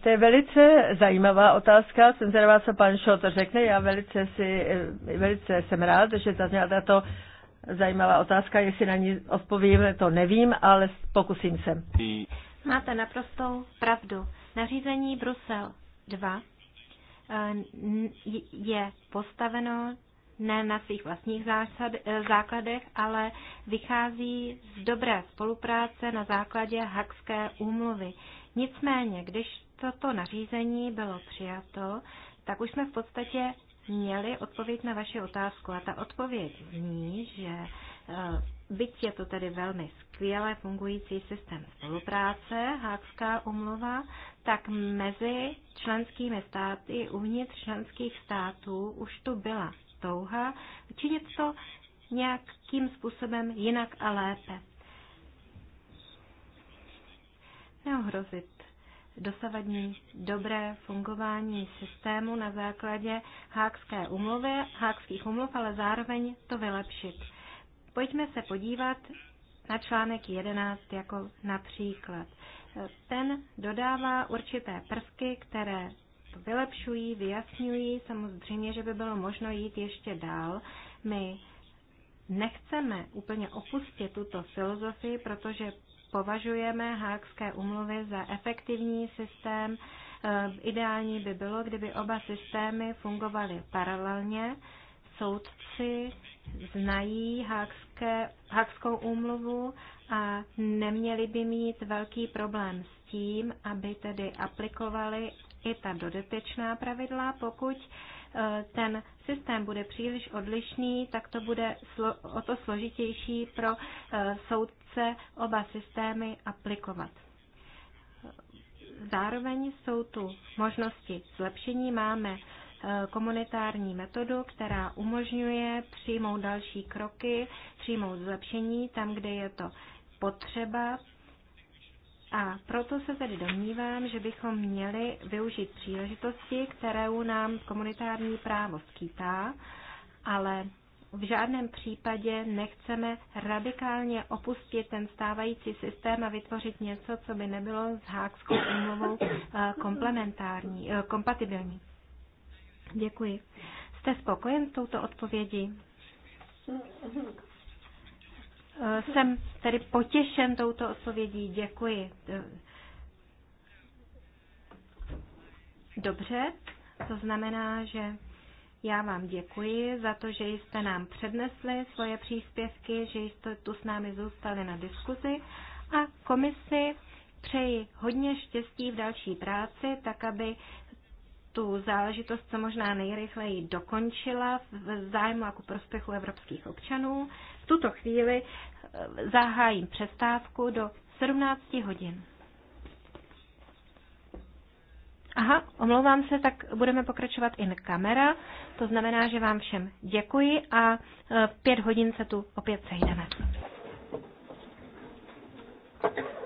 To je velice zajímavá otázka. Jsem zvědavá, co pan Šot řekne. Já velice, si, velice jsem rád, že zazněla tato zajímavá otázka. Jestli na ní odpovím, to nevím, ale pokusím se. Máte naprostou pravdu. Nařízení Brusel 2 eh, je postaveno ne na svých vlastních zásad, eh, základech, ale vychází z dobré spolupráce na základě Hakské úmluvy. Nicméně, když toto nařízení bylo přijato, tak už jsme v podstatě měli odpověď na vaši otázku. A ta odpověď zní, že e, byť je to tedy velmi skvěle fungující systém spolupráce, Hákská umluva, tak mezi členskými státy, uvnitř členských států už tu byla touha učinit to nějakým způsobem jinak a lépe. Neohrozit dosavadní dobré fungování systému na základě hákské umluvy, hákských umluv, ale zároveň to vylepšit. Pojďme se podívat na článek 11 jako například. Ten dodává určité prvky, které vylepšují, vyjasňují. Samozřejmě, že by bylo možno jít ještě dál. My nechceme úplně opustit tuto filozofii, protože považujeme hákské umluvy za efektivní systém. Eh, ideální by bylo, kdyby oba systémy fungovaly paralelně. Soudci znají hákské, hákskou úmluvu a neměli by mít velký problém s tím, aby tedy aplikovali i ta dodatečná pravidla, pokud uh, Eh, ten systém bude příliš odlišný, tak to bude o to složitější pro eh, soudce oba systémy aplikovat. Zároveň jsou tu možnosti zlepšení. Máme eh, komunitární metodu, která umožňuje přijmout další kroky, přijmout zlepšení tam, kde je to potřeba, a proto se tedy domnívám, že bychom měli využít příležitosti, kterou nám komunitární právo skýtá, ale v žádném případě nechceme radikálně opustit ten stávající systém a vytvořit něco, co by nebylo s hákskou úmluvou eh, komplementární, eh, kompatibilní. Děkuji. Jste spokojen s touto odpovědí? No, Eh, jsem tedy potěšen touto odpovědí. Děkuji. Dobře, to znamená, že já vám děkuji za to, že jste nám přednesli svoje příspěvky, že jste tu s námi zůstali na diskuzi a komisi přeji hodně štěstí v další práci, tak aby tu záležitost co možná nejrychleji dokončila v zájmu ku prospěchu evropských občanů tuto chvíli eh, zahájím přestávku do 17 hodin. Aha, omlouvám se, tak budeme pokračovat in kamera. To znamená, že vám všem děkuji a v eh, pět hodin se tu opět sejdeme. Thank you.